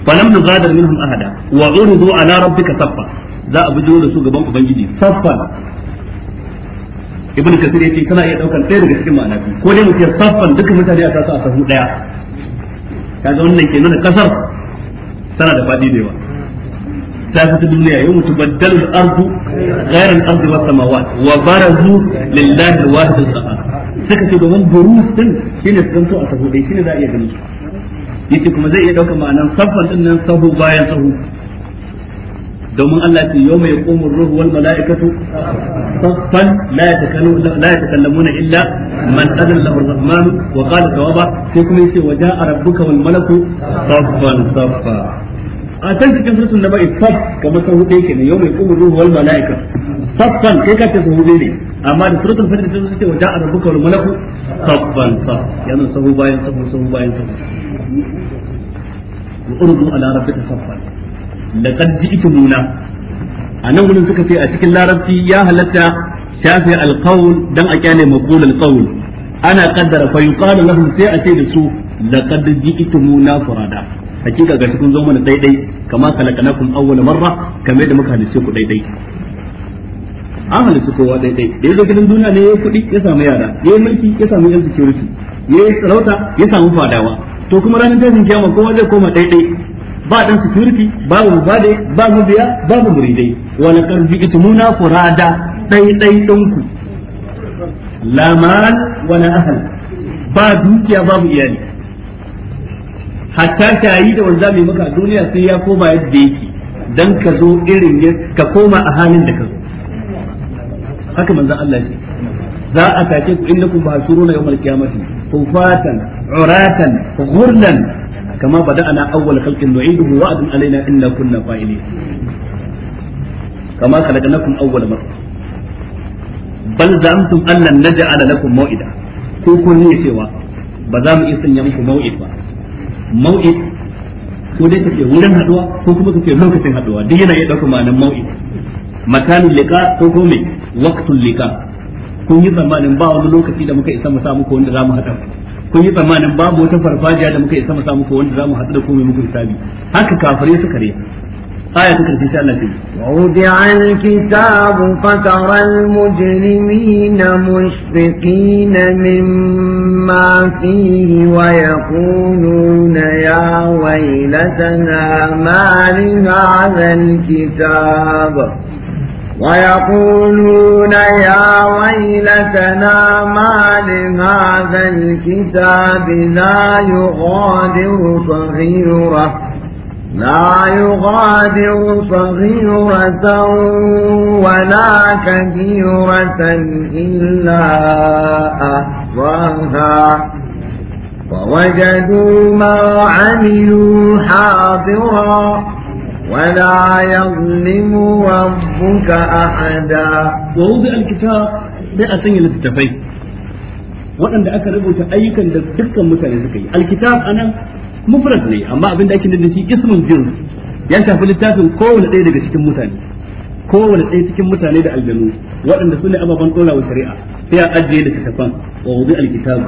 Speaker 1: ahada wa uridu ala rabbika za a bujo da su gaban ubangiji saffa ibn kasir yace tana iya daukan ɗaya daga cikin ma'ana ko dai mutum saffan dukkan mutane a kasa a sahu daya kaga wannan ke nuna kasar tana da fadi da yawa ta fi fita duniya yau mutu baddalul ardu ghairal ardu was samawat wa barazu lillahi al-wahid al-qahhar suka ce domin burus din shine sun to a sahu dai shine za a iya ganin su yace kuma zai iya daukan ma'anan saffan din nan sahu bayan sahu domin Allah ce yau mai komun ruhu wal mala'ikatu saffan la illa man wa tawaba sai kuma yace wa ja'a rabbuka wal malaku saffan saffa a can cikin da bai saff kamar sun ne yau mai ruhu wal mala'ika saffan ka ce sun ne amma da ce wa ja'a rabbuka wal malaku saffan sahu bayan sahu sahu bayan sahu wa urdu ala rabbika saffan laqad a nan gudun suka ce a cikin larabci ya halatta shafi alqaul don a kyale maqul alqaul ana qaddara fa yuqalu lahum sai a ce da su laqad ji'tumuna furada hakika ga kun zoma mana daidai kama kun khalaqnakum awwala marra kamar da muka halice ku daidai an halittu kowa daidai da ya zo gidan duniya ne ya yi kuɗi ya samu yara ya yi mulki ya samu yan security ya yi sarauta ya samu fadawa to kuma ranar tashin kiyama kowa zai koma daidai ba dan security babu mubade ba biya babu muridai wa laqad ji'tumuna furada dai dai dinku la mal wa la ahl ba dukiya babu iyali hatta yi da wanda mai maka duniya sai ya koma yadda yake dan ka zo irin ka koma a halin da ka zo haka manzon Allah ya za a tace ku innakum ba'thuruna yawmal qiyamati hufatan uratan ghurlan kama bada'ana awwal khalqin nu'iduhu wa'adun alaina inna kunna fa'ilin kama khalaqnakum awwal marra bal za'amtum an lan naj'ala lakum maw'ida ko kun ne cewa ba za mu iya ko dai kace wurin haduwa ko kuma kace lokacin haduwa duk yana iya dauka ma'anar maw'id makanin liqa ko ko me waqtul liqa kun yi zamanin ba wani lokaci da muka isa mu samu ko wanda za mu haɗa kun yi tsammanin babu wata farfajiya da muka isa mu samu ko wanda zamu haɗu da ku mai muku hisabi haka kafare suka ne آية تكرت إن الله ووضع الكتاب فترى المجرمين مشفقين
Speaker 2: مما فيه ويقولون يا ويلتنا ما لهذا الكتاب ويقولون يا ويلتنا ما لهذا الكتاب لا يغادر صغيرة لا يغادر صغيرة ولا كبيرة إلا أحصاها ووجدوا ما عملوا حاضرا ولا يظلم
Speaker 1: ربك أحدا ووضع الكتاب ده أسنى للتفاي waɗanda aka rubuta ayyukan da dukkan mutane suka yi alkitab anan mufrad ne amma abin da ake da shi ismun jins ya shafi littafin kowane ɗaya daga cikin mutane kowane ɗaya cikin mutane da aljanu waɗanda su ne ababen ɗorawa shari'a sai ajiye da littafan alkitabu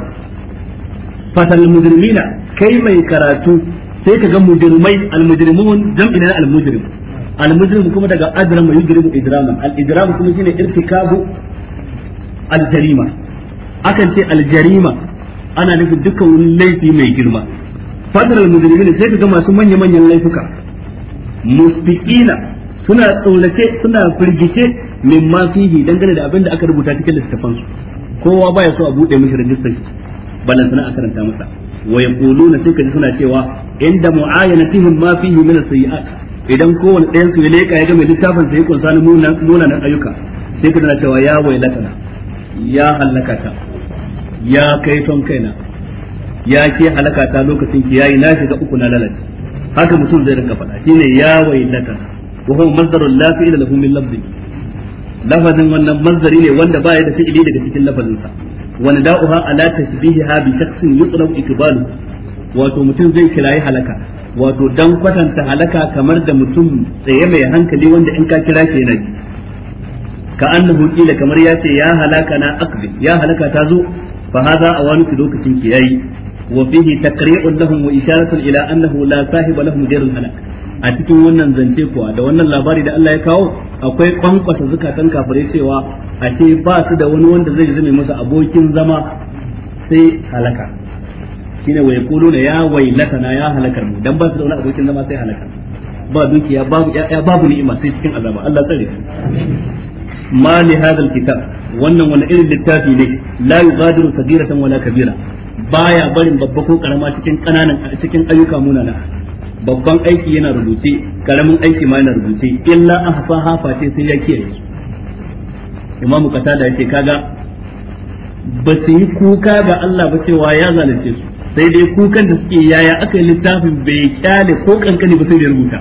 Speaker 1: kai mai karatu sai ka ga mujrimai almujrimun jam'i na almujrim almujrim kuma daga ajrama yujrimu ijraman al-ijram kuma shine irtikabu aljarima akan ce Aljarima ana nufin dukkan wani laifi mai girma fadar al ne sai ka ga masu manya-manyan laifuka musbiqina suna tsorace suna firgice min ma fihi dangane da abin da aka rubuta cikin littafansu kowa baya so a bude mishi rajistar balantana a karanta masa wa yaquluna sai kaji suna cewa inda mu'ayanatihim ma fihi min as-sayyi'at idan kowanne ɗayan su ya leka ya ga mai littafin sai kunsa na munanan ayyuka sai kaji na cewa ya waylaka. ya ta ya kai ton kaina ya ke ta lokacin ki yayi na shiga uku na lalaci haka mutum zai rinka faɗa shine ya waylaka wa huwa masdarul la fi'ila min lafzi lafazin wannan masdari ne wanda baya da fi'ili daga cikin lafazinsa wa nada'uha ala tasbihiha bi shakhsin ikbalu wato mutum zai kirayi halaka wato dan kwatanta halaka kamar da mutum tsaye mai hankali wanda in ka kira shi ka annahu kila kamar ya ce ya halaka na aqbi ya halaka ta zo fa hadha awanu lokacin ki yayi wa fihi taqri'un lahum wa isharatun ila annahu la sahiba lahum ghayrul halak a cikin wannan zance kuwa da wannan labari da Allah ya kawo akwai kwankwasa zukatan kafirai cewa a ce ba su da wani wanda zai zame musu abokin zama sai halaka shine wai kulu na ya wai latana ya halakar mu dan ba su da wani abokin zama sai halaka ba dukiya babu ya babu ni'ima sai cikin azaba Allah tsare ma li hadal kitab wannan wani irin littafi ne la yughadiru sagiratan wala kabira baya barin babba ko karama cikin kananan cikin ayyuka munana babban aiki yana rubuce karamin aiki ma yana rubuce illa hafa ce sai ya kiyaye su imam qatada yace kaga ba su yi kuka ga Allah ba cewa ya zalunce su sai dai kukan da suke yaya aka yi littafin bai kyale ko kankani ba sai da rubuta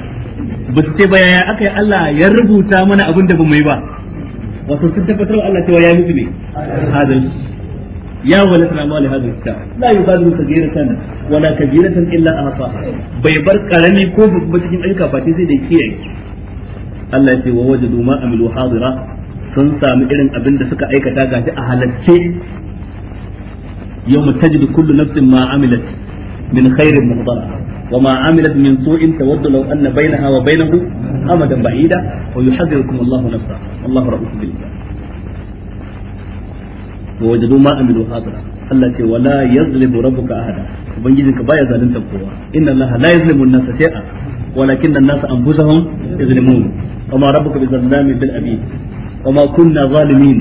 Speaker 1: ba su ce ba yaya aka yi Allah ya rubuta mana abin da ba mai ba wato sun tabbatar Allah cewa ya mutu ne ya wala tana mali hadhihi kitab la yubadiru sagiratan wala kabiratan illa ahsaha bai bar karami ko babba cikin ayuka fati sai da kiyaye Allah ya ce wa wajadu ma amilu hadira sun sami irin abin da suka aikata gashi a halacce yawma tajidu kullu nafsin ma amilat min khairin muhdara وما عملت من سوء تود لو أن بينها وبينه أمدا بعيدا ويحذركم الله نفسه الله رؤوف بالله wa wajadu ma amilu hadira Allah ce wala yazlimu rabbuka ahada ubangijinka baya zalunta kowa inna Allah la yazlimu an-nasa shay'a walakinna an-nasa anfusahum yazlimun wa ma rabbuka bizallami bil abid wa ma kunna zalimin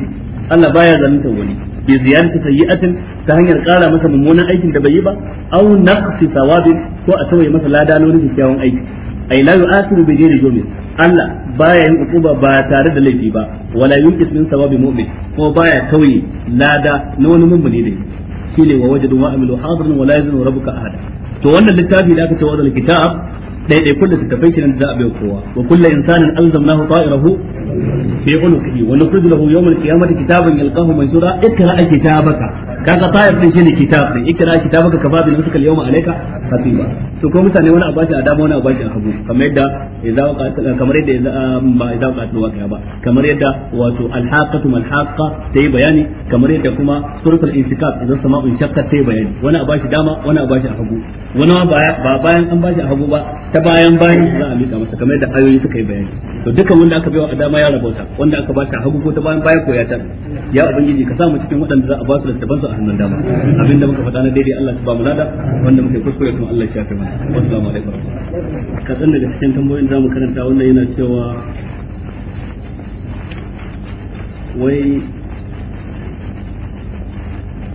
Speaker 1: Allah baya zalunta wani bi ziyarati sayyi'atin ta hanyar kara masa mummunan aikin da bai yi ba aw naqsi thawabin ko a tawaye masa lada na wani kyakkyawan aiki ay la yu'athiru bi ghairi zulmin Allah baya yin ukuba ba tare da laifi ba wala yunqis min sawabi mu'min ko baya tauye lada na wani mummuni ne shine wa wajadu ma amilu hadirin wala yazunu rabbuka ahada to wannan littafi da aka ce wa kitab dai dai kullu ta tafai kiran da abai kowa wa kullu insanin alzamnahu ta'irahu fi ulqihi wa nukhrij lahu yawm al-qiyamati kitaban yalqahu mansura ikra kitabaka kaga ka babu a dama wani abashi a hagu a hagu ba bayan an a hagu ba ta bayan a ya rabauta wanda aka ba ta hagu ko ta bayan baya ko ya ta ya ubangiji ka samu cikin waɗanda za a ba su ban su a hannun dama da muka faɗa na daidai Allah ba mu lada wanda muka kuskure kuma Allah ya tafi mana assalamu alaikum ka san daga cikin tambayoyin zamu karanta wannan yana cewa wai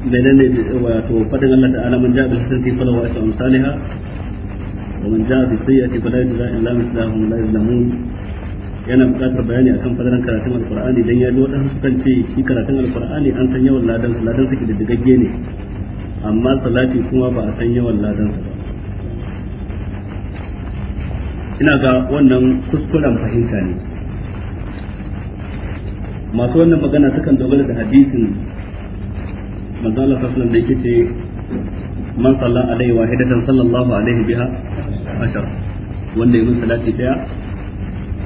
Speaker 1: menene wato fadin Allah ta'ala man ja'a sirri fa lahu asma'un ومن جاء بالسيئة فلا يجزى إلا مثلهم لا يظلمون yana buƙatar bayani akan fadaran karatun alkur'ani dan ya ji wadansu kan ce shi karatun alkur'ani an san yawan ladan ladan da kididdigagge ne amma salati kuma ba a san yawan ladan su ba ina ga wannan kuskuren fahimta ne masu wannan magana sukan dogara da hadisin manzo Allah sallallahu alaihi wasallam da yake man sallallahu alaihi wahidatan sallallahu alaihi biha ashar wanda yi salati daya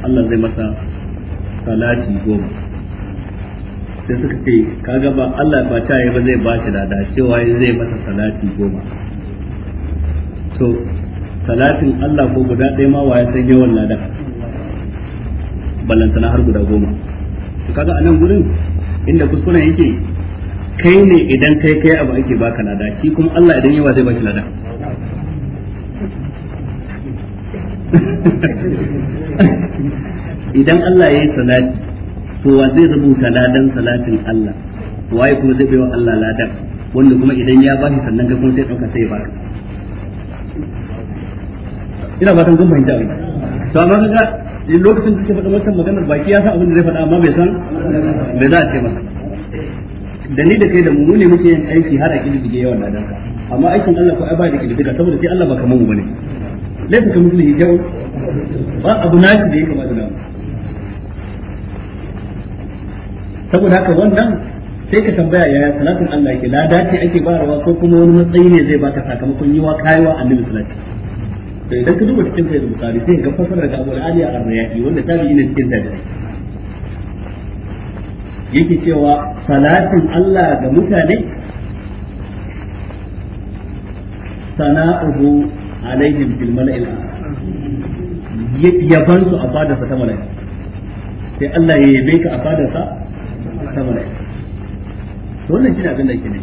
Speaker 1: Allah zai masa salati goma sai suka ce kaga ba Allah ba ta yi ba zai ba shi lada cewa zai masa salati goma to salatin Allah ko guda ɗaya ma wa ya san yawan lada ballantana har guda goma to kaga a nan gurin inda kuskuren yake kai ne idan kai kai abu ake baka lada shi kuma Allah idan yawa zai baki lada
Speaker 3: [LAUGHS] [LAUGHS]
Speaker 1: idan Allah ya yi salati to wa zai rubuta ladan salatin Allah waye kuma zai baiwa Allah ladan wanda kuma idan ya bashi sannan ga kuma sai dauka sai ba ina ba san fahimta ne to amma kaga lokacin da kake faɗa wannan maganar baki ya san abin da zai faɗa amma bai san bai za a ce masa da ni da kai da mu ne muke yin aiki har a kididdige yawan ladan ka amma aikin Allah ko ai ba da kididdiga saboda sai Allah ba kamar mu bane laisa ka mutum jau ba abu nashi da ya kama da saboda haka wannan sai ka tambaya yaya salatin Allah yake na dace ake rawa ko kuma wani matsayi ne zai baka sakamakon yiwa kaiwa annabi salati to idan ka duba cikin sai da bukari sai ga fasarar da Abu Ali ar-Rayyi wanda tabi'i ne cikin tabi'i yake cewa salatin Allah ga mutane sana'uhu alaihim fil mala'il ban su a fadar sa ta mala'ika sai Allah ya yabe ka a fadar sa ta mala'ika to wannan kina abin da yake ne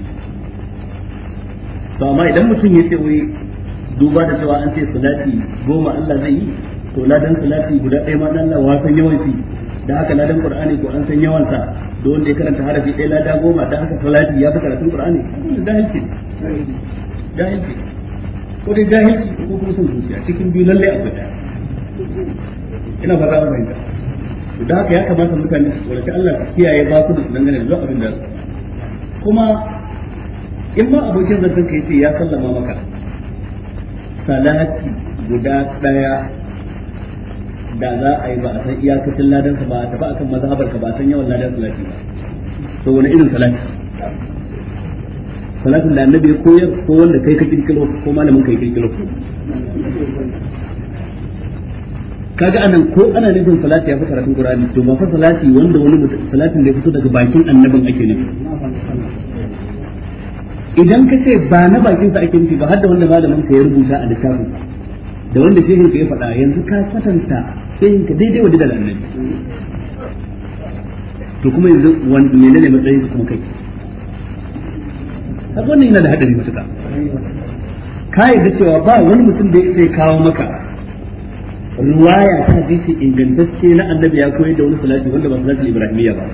Speaker 1: to amma idan mutum ya ce wai duba da cewa an ce salati goma Allah zai yi to ladan salati guda ɗaya ma dan Allah san yawanci da haka ladan qur'ani ko an san yawan sa wanda ya karanta harafi ɗaya lada goma da haka salati ya fi karatun qur'ani da da haka ko dai jahilci ko kuma son zuciya cikin biyu lalle akwai ɗaya
Speaker 3: ina ba za a bayyana
Speaker 1: to da haka ya kamata mutane su tsoraci Allah su kiyaye ba su da su dangane da zuwa abin da kuma in ma abokin zancen ka yace ya sallama maka salati guda ɗaya da za a yi ba a san iyakacin ladansa ba a tafi akan mazhabar ka ba a san yawan ladan salati ba to wani irin salati salatin da annabi ya koyar ko wanda kai ka kirkiro ko malamin kai kirkiro kaga anan ko ana nufin salati ya fi karatun Qur'ani to ba fa salati wanda wani salatin da ya fito daga bakin annabin ake nufi idan ka ce ba na bakin sa ake nufi ba har da wanda malamin ka ya rubuta a littafin da wanda shehin ka ya faɗa yanzu ka satanta sai ka daidai wajen da
Speaker 3: annabi
Speaker 1: to kuma yanzu wanda ne matsayin ka kuma kai kaga wannan yana da hadari matuƙa ka yarda cewa ba wani mutum da zai kawo maka ruwaya ta hadisi ingantacce na annabi ya koyar da wani salafi wanda ba salatul ibrahimiyya ba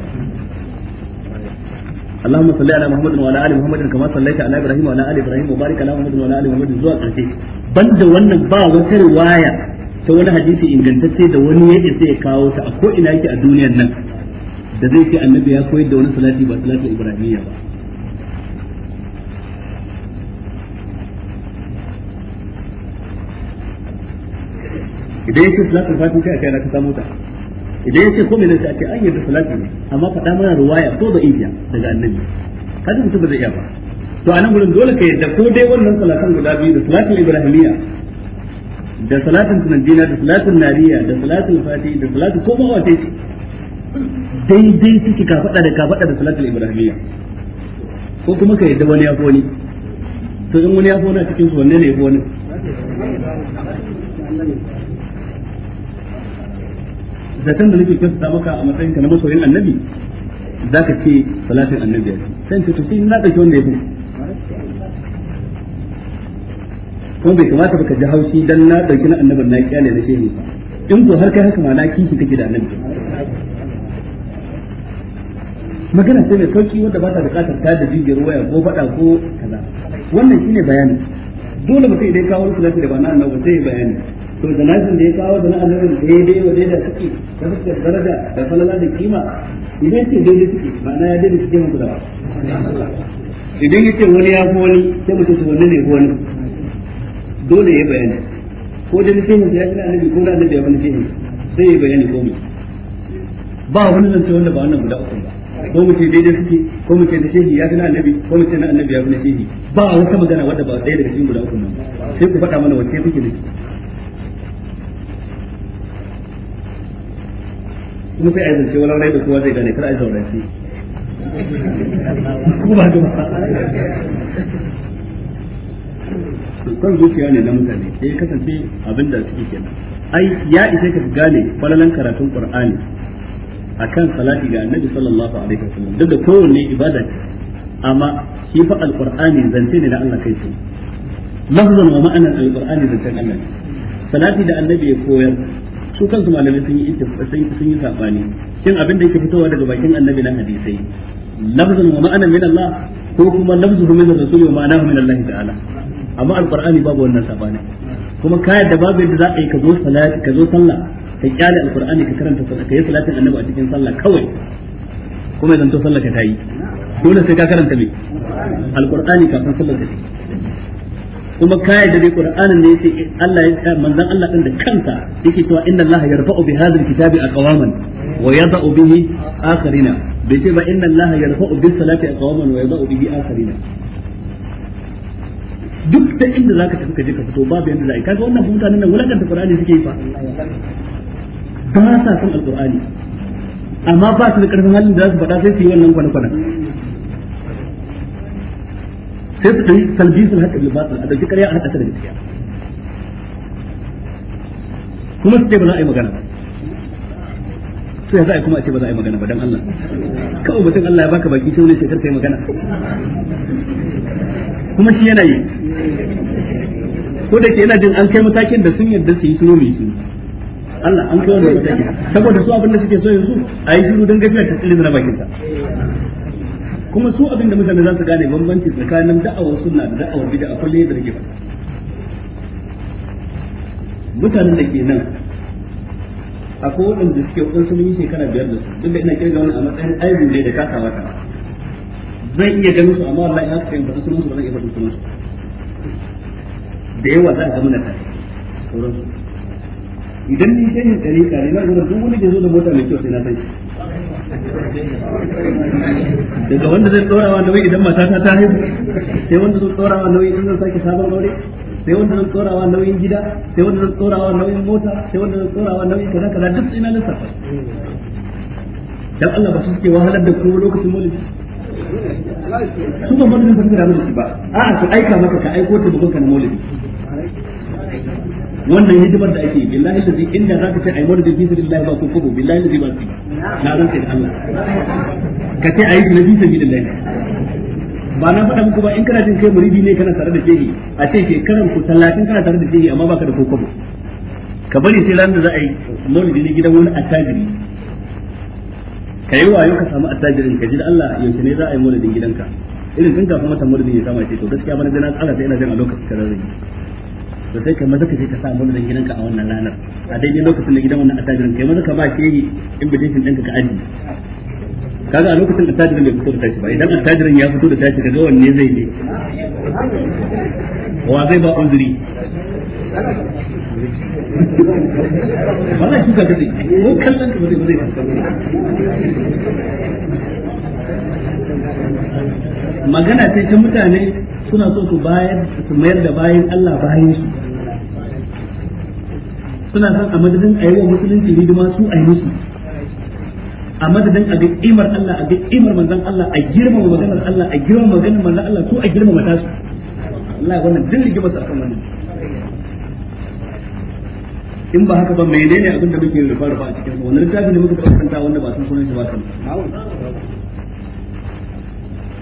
Speaker 1: اللهم صل على محمد وعلى ال محمد كما صليت على ابراهيم وعلى ال ابراهيم وبارك على محمد وعلى ال محمد zuwa ƙarshe banda wannan ba wata riwaya ta wani hadisi ingantacce da wani ya isa ya kawo ta a ko ina yake a duniyar nan da zai ce annabi ya koyar da wani salati ba salatin ibrahimiyya ba idan yake salatul fati sai a kai na ka samu ta idan yake ko menene sai a ce an yi da salati ne amma faɗa mana ruwaya ko da iya daga annabi kada mutum ba zai iya ba to a nan gurin dole ka yadda ko dai wannan salatan guda biyu da salatul ibrahimiyya da salatin tunandina da salatin nariya da salatul fati da salatin ko ma wata ce daidai suke ka faɗa da ka faɗa da salatul ibrahimiyya ko kuma ka yadda wani ya fi wani to in wani ya fi wani a cikin su wanne ne ya fi wani zaton da nake kyautata maka a matsayin ka na masoyin annabi za ka ce salatin annabi sai ce to sai na ɗauki wanda ya fi kuma bai kamata baka ji haushi dan na ɗauki na annabin na kyale na shehu in ko har kai haka ma na kishi ta da annabi magana sai mai sauki wanda ba ta bukatar ta da jijiyar waya ko faɗa ko kaza wannan shine bayani dole mutum idan kawo wani salati da ba na annabi sai bayani to da nasin da ya kawo da na annabi daidai wa daidai suke da suke daraja da falala da kima idan ce daidai suke ma'ana ya daidai suke muku da idan yake wani ya fi wani sai mutum su wani ne wani dole ya bayani ko da nufin ya fi annabi ko da annabi ya fi nufin sai ya bayani ko mu ba wani zance wanda ba wannan guda uku ba ko mu ce daidai suke ko mu ce da shehi ya fi na ko mu ce na annabi ya fi na shehi ba wata magana wadda ba ɗaya daga cikin guda uku ba sai ku faɗa mana wacce kuke da shi kuma sai a yi zance wani da kowa zai gane kar a yi zaune shi
Speaker 3: kuma ga ba
Speaker 1: kan zuciya ne na mutane sai kasance abin da suke kenan ai ya isa ka gane falalan karatun qur'ani akan salati ga annabi sallallahu alaihi wasallam duk da kowanne ibada ce amma shi fa alqur'ani zance ne da Allah kai ce lafzan wa ma'anar alqur'ani zancen Allah salati da annabi ya koyar su kansu malamai sun yi sun yi sabani kin abin da yake fitowa daga bakin annabi na hadisai lafzun wa ma'anan min Allah ko kuma lafzun min rasul wa ma'anahu min Allah ta'ala amma alqur'ani babu wannan sabani kuma ka yadda babu yadda za a yi ka zo salati ka zo sallah ka kyale alqur'ani ka karanta sallah ka yi salatin annabi a cikin sallah kawai kuma idan to sallah ka tayi dole sai ka karanta me alqur'ani kafin sallah ka tayi kuma kai da Qur'anin ne sai Allah ya ce manzon Allah din da kanta yake cewa inna Allah yarfa'u bi hadha alkitabi aqwaman wa yada'u bihi akharina bai ce ba inna Allah yarfa'u bis salati aqwaman wa yada'u bihi akharina duk da inda zaka tafi ka je ka fito babu yanda zai kaga wannan mutanen nan wulakanta Qur'ani suke yi fa ba sa son alqur'ani amma ba su da karfin halin da za su faɗa sai su yi wannan kwana kwana. sai su yi talbisul haqqi bil batil a dauki ƙarya a hada ta da gaskiya kuma su ce ba za a yi magana ba sai za a kuma a ce ba za a yi magana ba dan Allah kawai mutum Allah ya baka baki sai wani shekar kai magana
Speaker 3: kuma shi yana yi
Speaker 1: ko da ke yana jin an kai matakin da sun yadda su yi suno mai suno Allah an kai wani mataki saboda su abin da suke so yanzu a yi shiru don gafiya ta tsirin na bakinsa kuma su abin da mutane za su gane bambanci tsakanin da'awar suna da da'awar bid'a kullum yadda nake faɗa mutanen da ke nan akwai waɗanda suke kun sun yi shekara biyar da su duk da ina kirga wani a matsayin aibu ne da kasawa ta zan iya ganin su amma wallahi haka yin faɗi sunan su ba zan iya faɗi sunan su da yawa za a ga na tare sauransu idan ni shehin ɗari kare na gurin duk wani ke zo da mota mai kyau sai na san shi
Speaker 3: daga wanda zai tsora wa nauyi idan mata ta haihu
Speaker 1: sai wanda zai tsora wa nauyi idan zan sake sabon aure sai wanda zai tsora wa nauyin gida sai wanda zai tsora wa nauyin mota sai wanda zai tsora wa nauyin kaza kaza duk ina lissafa dan Allah ba su suke wahalar da ku lokacin mulki su ba mun ba su da ba a'a su aika maka ka aiko ta bukan na mulki wannan hidimar da ake billahi da zai inda za ka ce ai wani da bisa lillahi ba ko kubu billahi da zai ba su na ran sai da Allah ka ce ai na bisa lillahi ba na faɗa muku ba in kana jin kai muridi ne kana tare da shehi a ce karan ku talatin kana tare da shehi amma baka da kokobo ka bari sai ran da za a yi maulidi ne gidan wani attajiri ka yi wayo ka samu attajirin ka ji da Allah yaushe ne za a yi maulidin gidanka irin tun kafin mata maulidin ya sama ce to gaskiya bana ganin Allah sai ina jin a lokacin karar da sai kai maza ka je ka sa abin dangin gidanka a wannan ranar a daidai lokacin da gidan wannan attajirin kai maza ka ba shehi invitation ɗinka ka aji kaga a lokacin da attajirin bai fito da tashi ba idan attajirin ya fito da tashi kaga wanne zai ne wa zai ba uzuri
Speaker 3: wannan kuka gazi ko kallon ka ba zai magana
Speaker 1: ce ta mutane suna so su bayar su mayar da bayan Allah bayan su suna son a madadin a yi wa musulunci hidima su a yi musu a madadin a ga imar Allah a ga imar manzan Allah a girma maganar Allah a girma maganar manzan Allah su a girma mata su Allah wannan din da sa kan wannan in ba haka ba menene abin da muke rufa rufa a cikin wannan littafin da muka karanta wanda ba sun sunan shi ba kan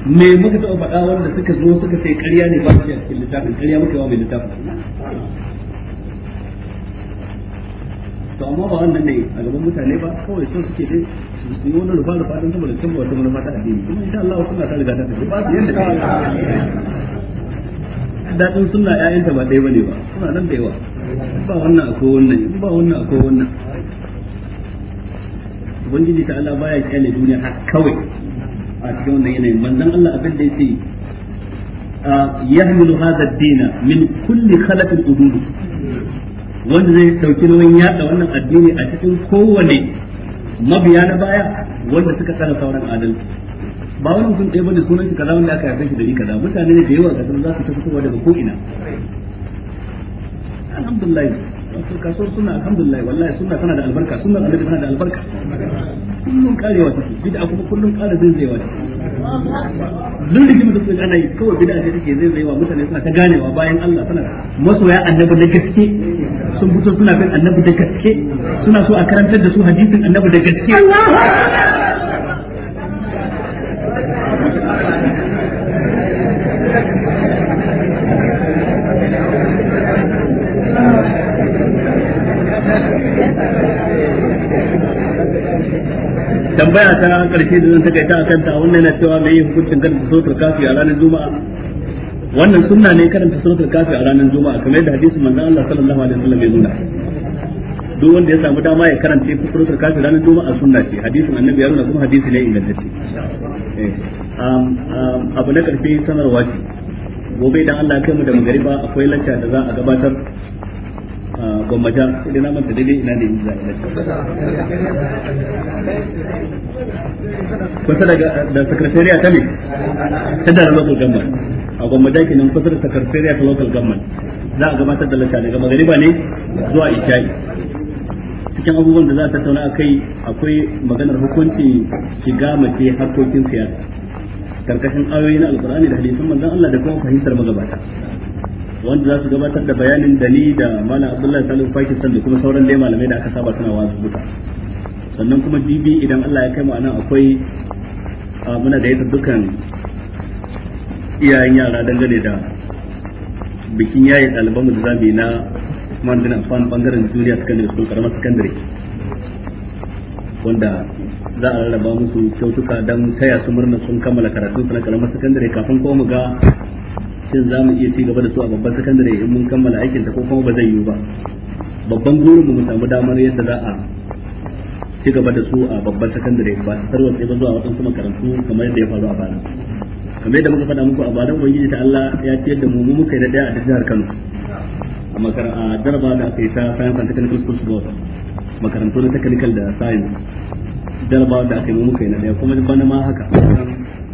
Speaker 1: me muka taɓa faɗa wanda suka zo suka sai ƙarya ne ba su a cikin littafin ƙarya muka yawa mai littafin to amma ba wannan ne a gaban mutane ba kawai sun suke dai su yi wani rufa da don saboda ba wata manufa ta addini kuma insha Allah suna ta riga ta tafi ba su yadda daɗin suna ƴaƴanta ba ɗaya bane ba suna nan da yawa ba wannan akwai wannan ba wannan akwai wannan ubangiji ta Allah baya kyale duniya har kawai a cikin wannan yanayin manzon Allah abin da yake yahmilu hadha ad-din min kulli khalaqin udud wanda zai sauki nauyin yada wannan addini a cikin kowane mabiya na baya wanda suka tsara sauran adalci ba wani mutum ɗaya bane sunan shi kaza wanda aka yarda shi da kaza mutane ne da yawa kasar za su ta daga ko ina alhamdulillah kasuwar suna alhamdulillah wallahi suna tana da albarka suna annabi tana da albarka kullun karewa take bid'a kuma kullun kare zaizayewa take duk rigimin da suka ana yi kawai bid'a ce take zaizayewa mutane suna ta ganewa bayan Allah tana masoya annabi da gaske sun fito suna bin annabi da gaske suna so a karantar da su hadisin annabi da gaske tambaya ta karshe da zan ta akan ta wannan yana cewa me hukuncin karanta sautar kafi a ranar juma'a wannan sunna ne karanta sautar kafi a ranar juma'a kamar yadda hadisin manzon Allah sallallahu alaihi wasallam ya nuna duk wanda ya samu dama ya karanta sautar kafi ranar juma'a sunna ce hadisin annabi ya nuna kuma hadisi ne ingantacce eh, um, um, abu na karfe sanarwa ce gobe idan Allah ya kai mu da magariba akwai lacca da za a gabatar gwammaja sai na manta daidai ina ne za kusa
Speaker 3: da sakatariya ta ne ta da local government
Speaker 1: a gwammaja kenan kusa da sakatariya ta local government za a gabatar da lacca daga magariba ne zuwa isha'i cikin abubuwan da za a tattauna a kai akwai maganar hukuncin shiga mace harkokin siyasa karkashin ayoyi na alkur'ani da hadisan manzon Allah da kuma fahimtar magabata wanda za su gabatar da bayanin da ni da mana abdullahi salihu pakistan da kuma sauran dai malamai da aka saba suna wasu buta sannan kuma dibi idan allah ya kai mu anan akwai muna da yadda dukkan iyayen yara dangane da bikin yayin ɗalibanmu da zamu yi na mandin afan bangaren junior secondary school karamar secondary wanda za a rarraba musu kyautuka don taya su murna sun kammala karatun su na karamar secondary kafin ko mu ga shin za mu iya ci gaba da su a babban sakandare in mun kammala aikin ta ko kuma ba zai yiwu ba babban burin mu samu damar yadda za a ci gaba da su a babban sakandare ba su tarwa sai ba zuwa waɗansu makarantu kamar yadda ya faru a bana kamar yadda muka faɗa muku a bana ubangiji ta Allah ya ciyar da mu mu kai da daya a jihar Kano a makar a darba da aka yi ta science and technical schools board makarantu na technical da science darba da aka yi mu muka yi na daya kuma bana ma haka